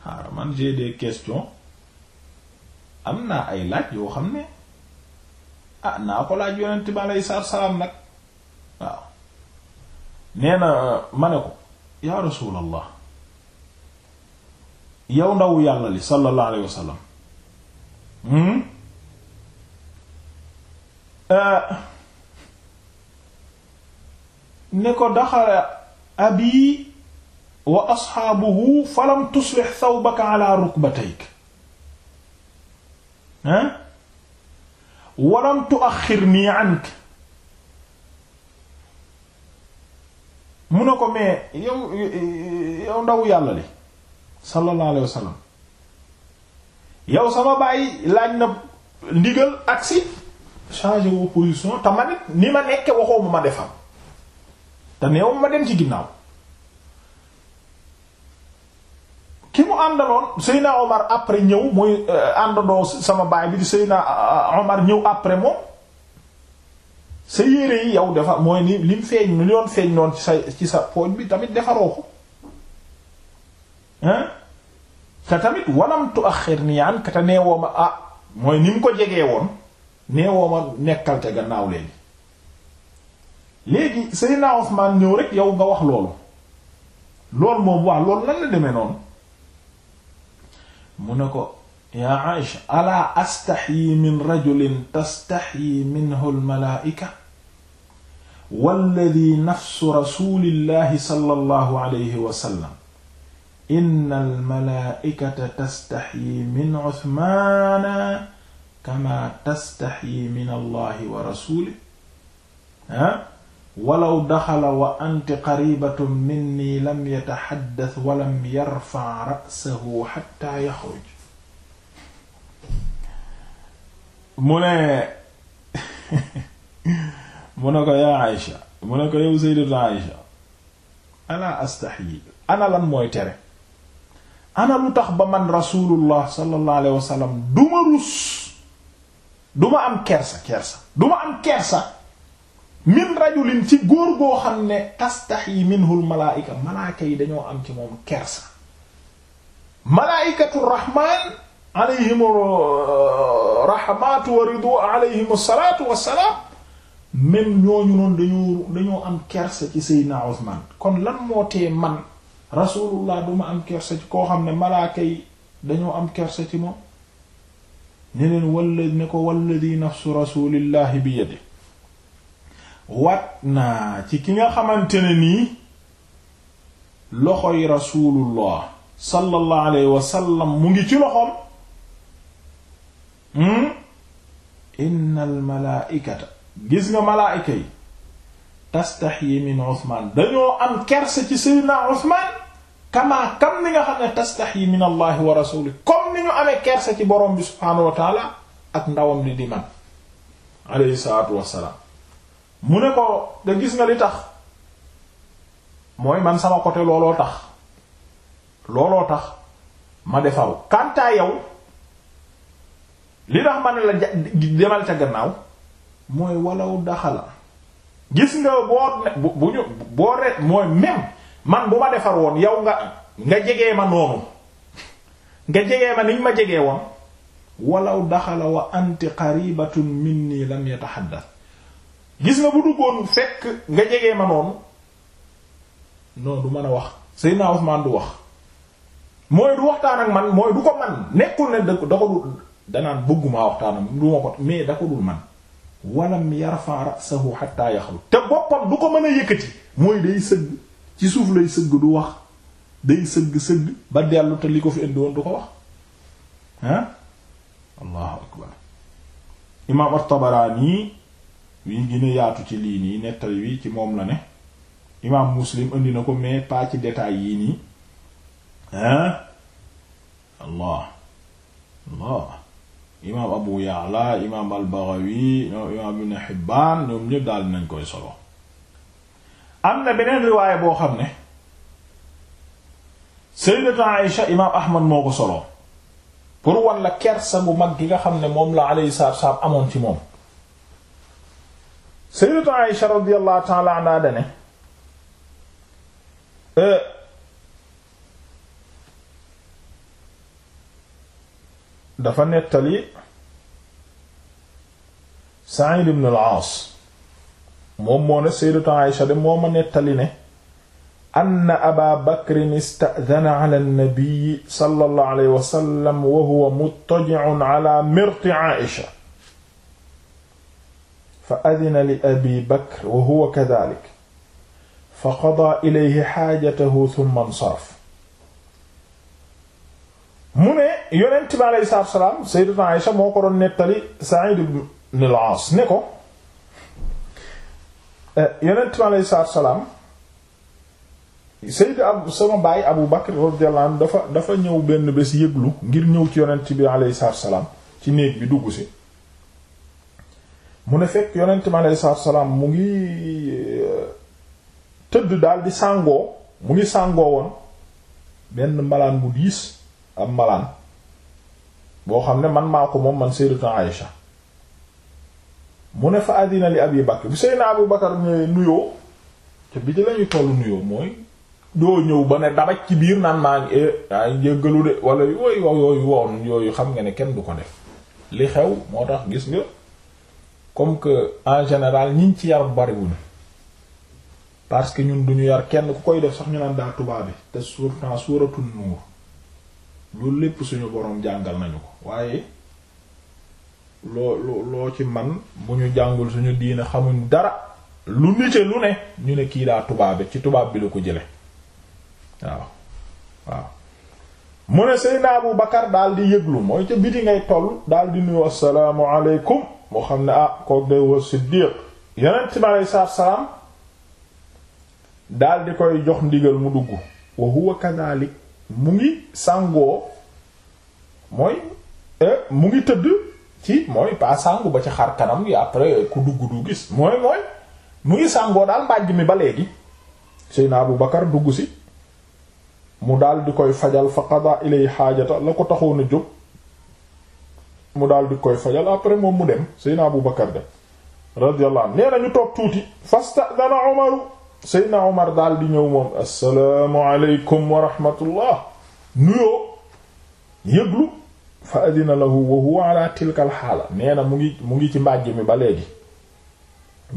xaaral man j'ai des am naa ay laaj yoo xam ne ah naa ko laaj yonent bi aleyhi salaatu nag waaw nee ma ne ko yaa rasulallah yow ndaw yàlla li sallallahu alayhi wa sallam hmm? Eh, ne ko daxala abi wa asxaabuhu falam tuslix thawbaka ala rukbatayk ah walam tuaxirnii ank mu ne ko mais yow yow ndawu yàlla li sallallahu alayhi wa sallam yow sama bàyyi laaj na ndigal agsi changer wu position te ma nit ni ma nekke waxoo ma ma defal te neew ma dem ci ginnaaw ki mu àndaloon Seyna Omar après ñëw mooy euh, àndandoo sama baay bi di Seyna euh, Omar ñëw après moom sa yére yi yow defar mooy ni lim feeñ ni doon feeñ noon ci sa ci sa pooj bi tamit defaroo ko te tamit walam tuaxir nii an te neewoo ma ah mooy ni ko jegee woon neewoo ma nekkal te gannaaw léegi léegi Seydina Usmaan rek yow nga wax loolu loolu moom wax loolu lan la demee noonu mu ne ko yaa Aïcha alaa astaxyi min rajulin tastaxyi minhu almalaaika walladi nafsu rasulillahi sallallahu alayhi wa innal malaa'ikata tastaxyi min Usmaana kamaa tastaxyi min Allahi wa rasuulihi ah walaw daxala wa anti qariibatun minni lam yataxaddas wa lam yarfac ra'sahu xattaa yaxruj mu ne mu ne ko yaa Aysa mu ne ko yow Sayyidatu Aysa alaa astaxyi ana lan mooy tere. ana lu tax ba man rasulullah sallallahu alayhi wa sallam du ma rus du ma am kersa kersa du ma am kersa min rajulin ci góor goo xam ne tastaxyi minhu l malaayika malaaka yi dañoo am ci moom kersa malaayikatu rahman alayhim uh, rahmatu wa ridu alayhim salatu wassalaam même ñooñu noonu dañoo dañoo am kersa ci Seydina Usmaan kon lan moo tee man rasulullah duma am kersa ci koo xam ne malaaka yi dañoo am kersa ci moom ne leen walla ne ko walladi nafsu rasulillahi ci ki nga xamante ne nii loxoy rasulullah sallallahu alayhi wa mu ngi ci loxoom hmm? innal malaaikata gis nga malaayika yi min Usmaan dañoo am kersa ci Seydina Usmaan kamaa kam ni nga xam ne tastaxyi min allahi wa rasuli comme ni ñu amee kerse ci borom bi subhaanahu wa ak ndawam di di man alayhi salaatu wassalaam mu ne ko da gis nga li tax mooy man sama côté looloo tax looloo tax ma defaru kantaa yow li tax ma ne la demal ca gannaaw mooy walaw daxala gis nga boo bu ñu boo ret mooy même man bu ma defar woon yow nga nga jegee ma noonu nga jegee ma niñ ma jege woon walaw daxala wa anti qaribatun minni lam yataxaddas gis nga bu duggoon fekk nga jege ma noonu non du mën a wax Seydina Usmaan du wax mooy du waxtaan ak man mooy du ko man nekkul ne da ko dul danaan bëgguma waxtaan ak du ma ko mais da ko dul man walam yarfa ra'sahu hatta yaxruj te boppam du ko mën a yëkkati mooy day sëgg ci suuf lay sëgg du wax day sëgg-sëgg ba dellu te li ko fi indi du ko wax ah allahu akbar imaam at-Tabaraani wi yaatu ci lii nii nettali wi ci moom la ne imaam Muslim indi na ko mais pas ci détail yii nii ah allah allah imaam Abu Ya'la imaam al-Baghawi ñoom imaam Ibn ñoom ñëpp daal nañ koy solo am na beneen riwaaya boo xam ne sayyidatu Aïsha imaam Ahmad moo ko solo pour wan la kersa bu mag gi nga xam ne moom la alayhi salaatu salaam amoon ci moom sayyidatu Aïsha radiyallahu ta'ala anha dane euh, dafa nettali Sa'id ibn al-Aas moom moo ne sayyidatu Aïsha de moo ma nettali ne anna aba bakrin ista'dana ala nabii sallallahu alayhi wa sallam wa huwa muttaji'un ala mirti Aïsha fa adina li abi bakr wa huwa kadhalik fa qadaa ilayhi xaajatahu thumma insaraf mu ne yonent bi alayhi salaatu wa salaam sayyidatu Aïsha moo ko doon nettali Sa'id ibn al-As ne ko Eh, yonent mi aleyhi salaatu salaam Seydou sama baay Abu Bakr radiyallahu anhu dafa dafa ñëw benn bés yëglu ngir ñëw ci yonent bi aleyhi salaatu salaam ci néeg bi dugg si mu ne fekk yonent mi aleyhi mu ngi eh, tëdd daal di sàngoo mu ngi sàngoo woon benn malaan bu diis ab malaan boo xam ne man maa ko moom man Sayyidatu Aïcha mu ne fa àddina li Abi Bakr bi Seydina Abu Bakr ñëwee nuyoo te bi ci lañuy toll nuyoo mooy doo ñëw ba ne dabaj ci biir naan maa ngi eh, de wala yooyu yooyu woon yooyu xam nga ne kenn du ko def li xew moo tax gis nga comme que en général ñiñ ci yar bariwuñu parce que ñun du ñu yar kenn ku koy def sax ñu naan daa tubaab bi te surtout suuratul Nuur loolu lépp suñu boroom jàngal nañu ko waaye loo loo ci man bu ñu jàngul suñu diine xamuñ dara lu nite lu ne ñu ne kii daa tubaabe ci tubaab bi la ko jële waaw waaw mu ne Seydina Abu Bakar daal di yëglu mooy ca biti ngay toll daal di nuyu assalaamu aleykum moo xam ne ah kook day war Siddiq yonent bi aleyhi salaatu salaam daal di koy jox ndigal mu dugg wa huwa mu ngi sàngoo mooy eh, mu ngi tëdd ci mooy pas sangu ba ci xar kanam gi après ku dugg du gis mooy mooy mu ngi sàngoo daal mbàjj mi ba léegi Seydina Abu Bakar dugg si mu dal di koy fajal fa qada ilay xaajata la ko taxoon a jóg mu daal di koy fajal après moom mu dem Seydina Abu Bakar dem radiyallahu anhu nee na toog tuuti fastadana Umaru Seydina Umar daal di ñëw moom assalaamu aleykum wa nuyoo yëglu fa adina lahu wa huwa ala tilkal xaala nee mu ngi mu ngi ci mbàjj mi ba léegi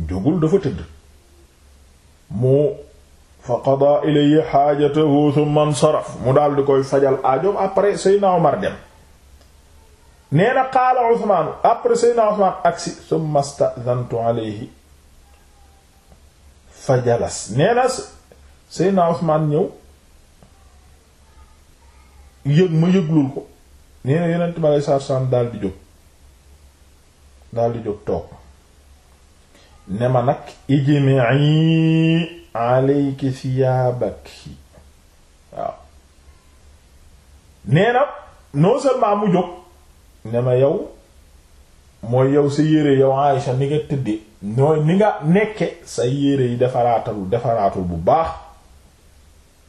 jógul dafa tëdd mu fa qada ilayhi xaajatahu thumma nsaraf mu daal di koy fajal aajoom après Seydina Omar dem nee qaala Usmaan après Seydina Usmaan aksi thumma sta'dhantu alayhi fa jalas nee na Seydina Usmaan ñëw yëg ma yëglul ko nee na yonent bi aleyhi salaatu salaam di jóg daal di jóg toog ne ma nag ijmi'i aleyki siyaabaki waaw nee na non seulement jóg ne ma yow mooy yow sa yére yow Aïcha ni nga tëdde nooy ni nga nekke sa yére yi defaraatul defaraatul bu baax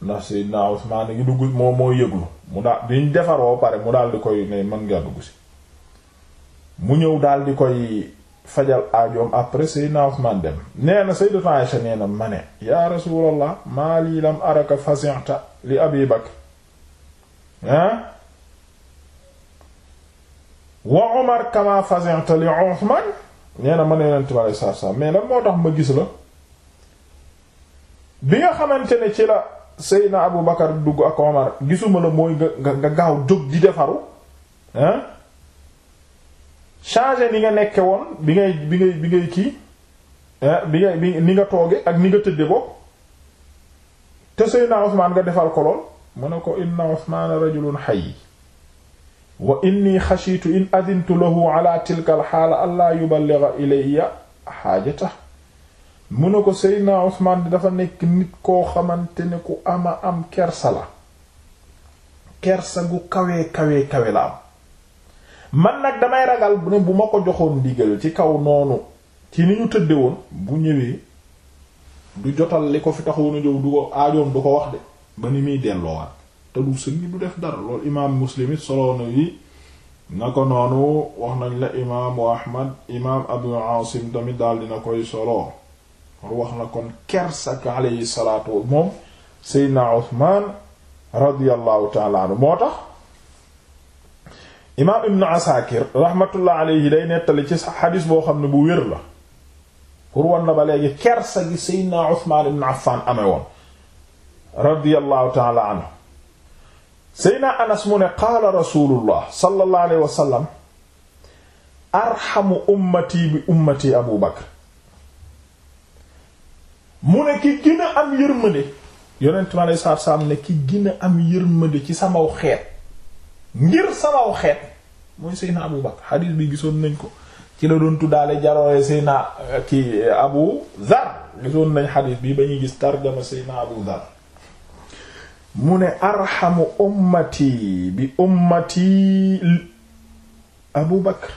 ndax Seydina Usmaan ngi dugg moo moo yëglu mu daal diñ defaroo pare mu daal di koy ne mën ngaa dugg si mu ñëw daal di koy fajal aajoom après Seydina Usmaan dem nee na Sayyidatu Aisha nee na ma ne yaa Rasuulallah maa lii lam araka fasi'ta li Abi Bakr ah wa Umar kama li Usmaan nee ma ne leen tubaab yi mais lan moo tax ma gis la bi nga xamante ne ci la. Seydina Abu Bakar dugg ak Omar gisuma la mooy nga nga gaaw jóg di defaru hein changer ni nga nekke woon bi ngay bi ngay bi ngay bi ngay bi ni nga tooge ak ni nga tëdde bopp te Seydina Usmaan nga defal ko lool mu ne ko inna Usmaan rajulun hayy wa inni xashitu in adintu lahu ala tilka al xaala an laa mu ne ko Seydina Usmaan dafa nekk nit koo xamante ne ku am am kersa la kersa gu kawe kawe kawe la am man nag damay ragal bu ne bu ma ko joxoon ndigal ci kaw noonu ci ni ñu tëdde woon bu ñëwee du jotal li ko fi taxoon a ñëw du ko aajoom du ko wax de ba ni muy delloowaat te du sëñ du def dara loolu imaam Muslim it solo na yi na ko noonu wax nañ la imaamu Ahmad imaam Abu Asim tamit daal dina koy soloo pour wax na kon kersak alayhi salaatu moom seydna uthman radiallahu taala anhu moo tax imaam ibn asakir rahmatullah alayhi day nettali ci xadis boo xam ne bu wér la pour wan na ba léegi kersa gi seydna uthman ibn affan amee woon radiallahu taala anhu seydna anas mu ne qaala rasulullah sallallahu alayhi wa sallam arxamu ummati bi ummati abu bakr mu ne ki gën a am yërmande yonent mi aleyhi salaatu salaam ne ki gën a am yërmande ci samaw xeet ngir samaw xeet mooy Seydina Abu Bakar xadiis bi gisoon nañ ko ci la doon tuddaale jaroore Seydina ki Abu Zar gisoon nañ xadiis bi ba ñuy gis tarjama Seydina Abu Zar mu ne arxamu ummati bi ummati Abu Bakar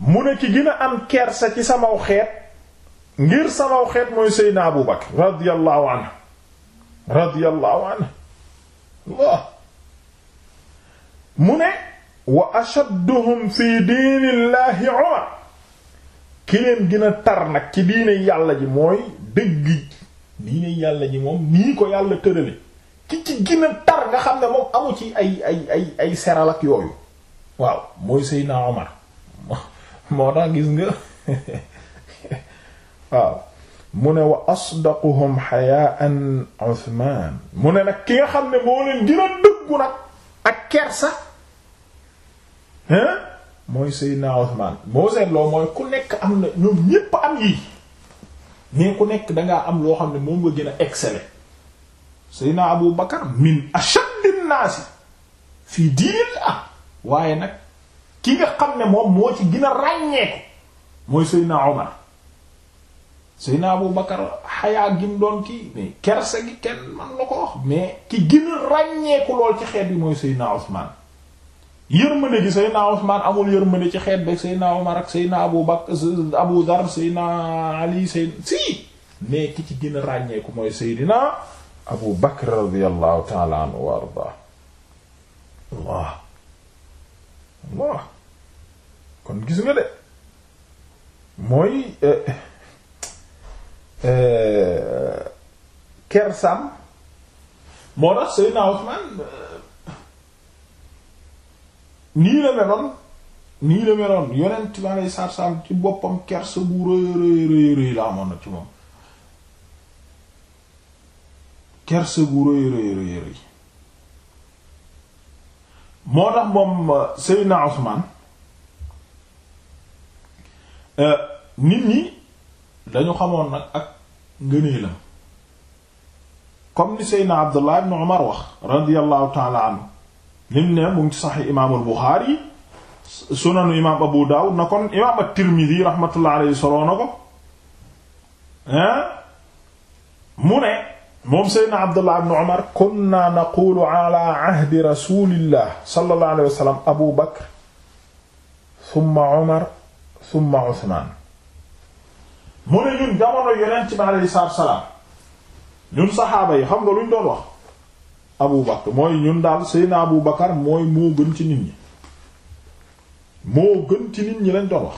mu ne ki gën a am kersa ci samaw xeet ngir samaw xeet mooy Seydina Abu Bakr radiyallahu anhu radiyallahu anhu mu ne wa ashadduhum fi diinillahi Umar ki leen gën tar nag ci diine yàlla ji mooy dëgg diine yàlla ji moom nii ko yàlla tërale ki ci gën tar nga xam ne moom amu ci ay ay ay ay seral ak yooyu waaw mooy Seydina Umar moo tax gis nga waaw mu ne wa asdaquhum xayaan Usmaan mu ne nag ki nga xam ne moo leen dina dëggu nag ak kersa hein mooy Seydina Usmaan moo seetloo mooy ku nekk am na ñoom ñépp am yii mais ku nekk dangaa am loo xam ne moom nga gën a exceller Seydina Abu Bakar min ashaddin naasi fii diinillah waaye nag ki nga xam ne moom moo ci gën a ràññeeku mooy Seydina Omar Seydina Abu Bakar xayaa gim doon kii mais kersa gi kenn man la ko wax mais ki gën a ràññeeku lool ci xeet bi mooy Seydina Usman yërmande gi Seydina Usman amul yërmande ci xeet beeg Seydina Abu Bakar Abu Dhar Seydina Ali si ki ci gën ràññeeku mooy Seydina Abu Bakr kon gis nga de mooy eh, Euh, kersam moo tax Seydina Usmaan euh, nii la meloon nii la meloon yonent ma lay saar-saar ci boppam kersa bu rëy rëy rëy rëy la amoon na ci moom kersa bu rëy rëy rëy moo tax moom euh, Seydina Usmaan nit ñi dañu xamoon nag ak ngëneelam comme ni seydna abdullah ibn umar wax radiallahu taala anhu nim ne mu ngi ci saxi imaamul buxaari sunanu imaam abu daawud na kon imaam at-tirmidhi rahmatullah alayhi soloo na ko mu ne moom seydna abdullah ibn umar kunna naqulu ala ahdi rasulillah sallallahu alayhi wa sallam abu bakr thumma umar thumma uthman mu ne ñun jamono yonent ci alayhi salaatu wa salaam ñun saxaaba yi xam nga luñ doon wax Abu Bakr mooy ñun daal Seydina Abu Bakar mooy moo gën ci nit ñi gën ci nit ñi lañ doon wax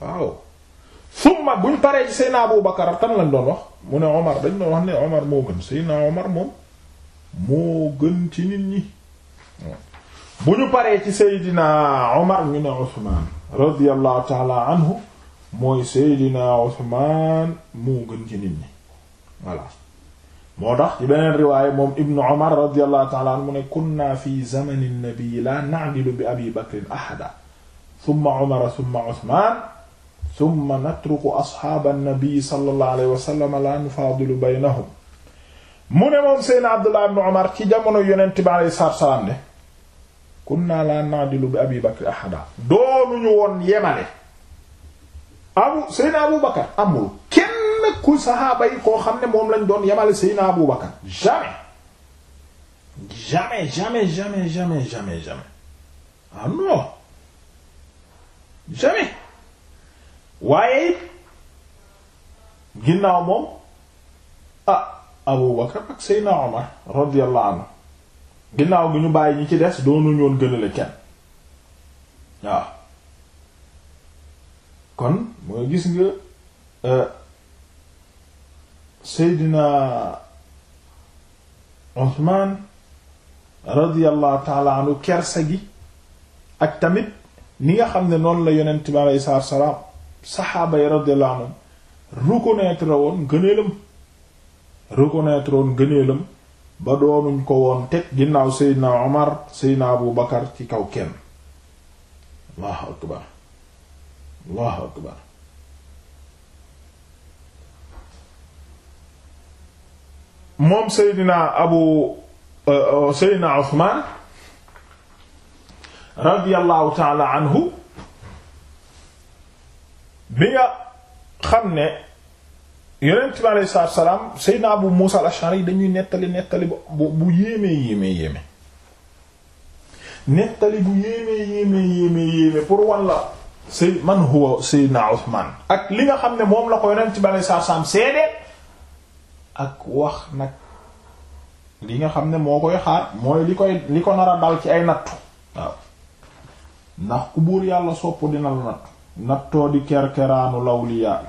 waaw summa buñ paree ci Seydina Abu Bakar tam lañ doon wax mu ne Omar dañ doon wax ne Omar moo gën Seydina Omar moom moo gën ci nit ñi bu ñu paree ci Seydina Omar ñu ne Usmaan radiyallahu ta'ala anhu mooy Seydina Usmaan moo gën ci nit ñi voilà moo tax ci beneen riwaaya moom Ibnu Umar radiyallahu ta'ala anhu mu ne kunna fi zamani nabii la na'dilu bi Abi Bakrin ahada thumma Umar thumma Usmaan thumma natruku ashaaba nabii sallallahu alayhi wa sallam la nufaadilu baynahum mu ne moom Seydina Abdullah ibnu Umar ci jamono Yonent bi alayhi salaatu salaam ne kunna la na'dilu bi Abi Bakrin ahada doonuñu woon yemale abu seyna abu bakar amul kenn ku saxaaba yi koo xam ne moom lañ doon yamale seyna abu bakar jamais jamais jamais jamais jamais jamais jamais ah non jamais waaye ginnaaw moom ah abu bakar ak seyna omar radiyallahu anhu ginnaaw gi ñu bàyyi ñi ci des doonuñu woon gënale kenn waaw kon mooy gis nga euh, Seydina Usmaan radiyallahu taala anhu kersa gi ak tamit ni nga xam ne noonu la yonent bi aleyhi salaatu salaam saxaaba yi radiyallahu anhum reconnaître woon gëneelam reconnaître woon gëneelam ba doonuñ ko woon teg ginnaaw Seydina Omar Seydina Abu Bakar ci kaw kenn Allahu akbar allahu akbar moom seydina abu euh, euh, seydina Usmaan radiyallahu taala anhu bi nga xam ne yonent bi alayhi salaatu wa salaam seydina abu muusa al-Ash'ari dañuy nettali nettali bu bu yéemee yéemee yéeme nettali bu yéemee yéemee yéeme pour wan la say man huwa sayyidina Uthman ak li nga xam ne moom la ko yonent bi alei satu salaam ak wax nag li nga xam ne moo koy xaar mooy li koy li ko nar a dal ci ay nattu waaw ndax ku buur yàlla sopp dina la nattu nattoo di kerkeraanu lawliyaa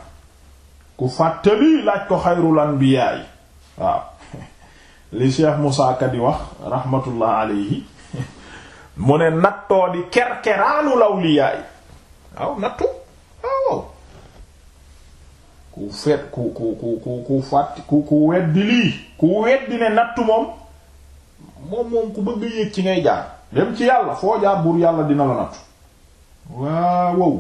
ku fàttali laaj ko xayrul anbiyaa waaw li Cheikh Moussa di wax rahmatullah alayhi mu ne nattoo di kerkeraanu lawliyaa waaw nattu waaw ku fet ku ku ku ku ku fàtti ku ku weddi lii ku weddi ne nattu moom moom moom ku bëgg yéeg ci ngay jaar dem ci yàlla foo jaar buur yàlla dina la nattu waawow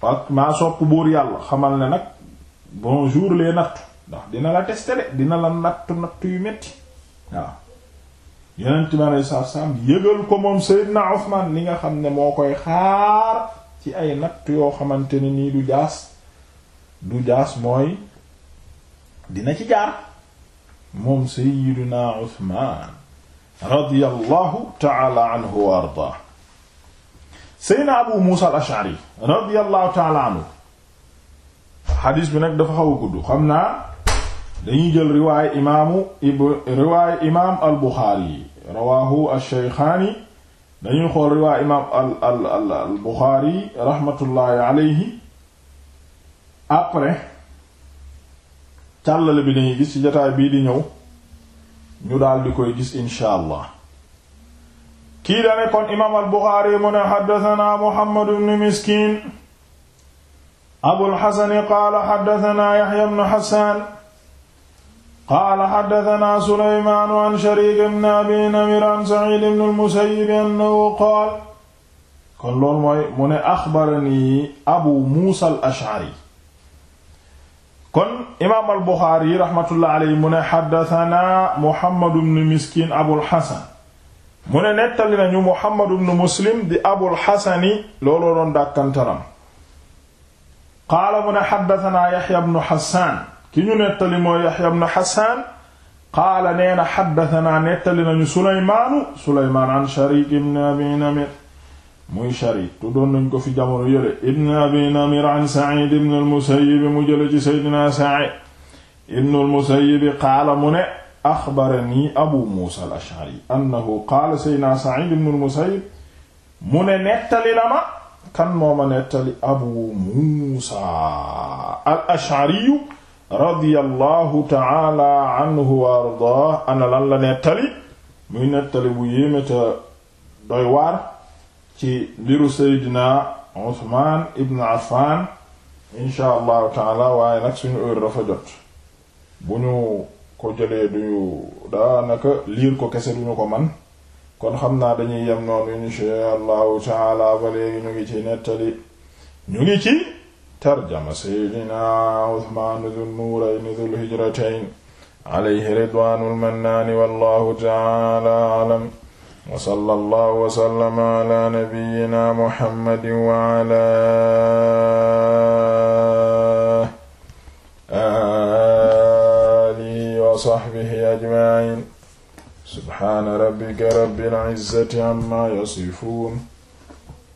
parce que maa sopp buur yàlla xamal ne nag bonjour les nattu ndax dina la tester dina la nattu nattu yu metti waaw yonent bi aleyhi salaatu salaam yëgal ko moom Seydina Usmaan li nga xam ne moo koy xaar ay natt yoo xamante ne nii du jaas du jaas mooy dina ci jaar moom Seydina Usmaan radiyallahu ta'ala anhu wa xadiis bi nag dafa xaw gudd xam naa dañuy jël riwaay imaam al buxaari rawaahu ash-shaykhaani dañuy xool riwaay imaam al al al al buxaari rahmatullahi alayhi après bi dañuy gis ci jotaay bii di ñëw ñu daal koy gis insha allah. kii kon imaam al buxaari mu ne xaddasanaa muhammad ibn miskiin abul xasani qaala xaddasanaa yaxya ibn xasaan qaala xaddatanaa suleymaanu an shariik ibn abi namir an saciid ibn al-musayyib annahu qaal kon loolu mooy mu ne axbaranii abu muusa al-ash'ari kon imaam al-buxaari raxmatullahi alayhi mu ne xaddatanaa muhammad ibn miskiin abul xasan mu ne nettali nañu muhammad ibn muslim di abul xasani looloo doon dàkkantaram qaala mu ne xaddatanaa yaxya ibn xasaan ki ñu nettali mooy Yaxya ibn Xasaan qaala nee na xaddatanaa nettali nañu Sulaymaanu Sulaymaan an Shariik ibn Abi Namir muy Shariik tuddoon nañ ko fi jamono yële ibn Abi Namir an Saciid ibn al-Musayyib mu jële ci Seydina Saciid ibn al-Musayyib qaala mu ne axbarani Abu Muusa al-Ashcari annahu qaala Seydina Saciid ibn al-Musayyib mu ne nettali na ma kan moo ma nettali Abu Muusa al-Ashcari radiyallahu taala ana lan la nettali muy nettali bu yéeme te doy waar ci mbiru seydina Usmaan ibn Affaan insha allahu taala waaye nag suñu heure dafa jot bu ñu ko jëlee duñu daanaka liir ko kese duñu ko man kon xam naa dañuy yem noonu insha allahu taala ba léegi ñu ngi ci nettali ñu ngi ci tarjama seydina Usmaan dul nuurayni dul hijratayn alayhi ridwaanul mannaani wallahu ta'ala a'lam wa sallallahu wa sallama ala nabiyyina muhammadin wa ala aalihi wa sahbihi ajma'in subhaana rabbika rabbil izzati amma yasifuun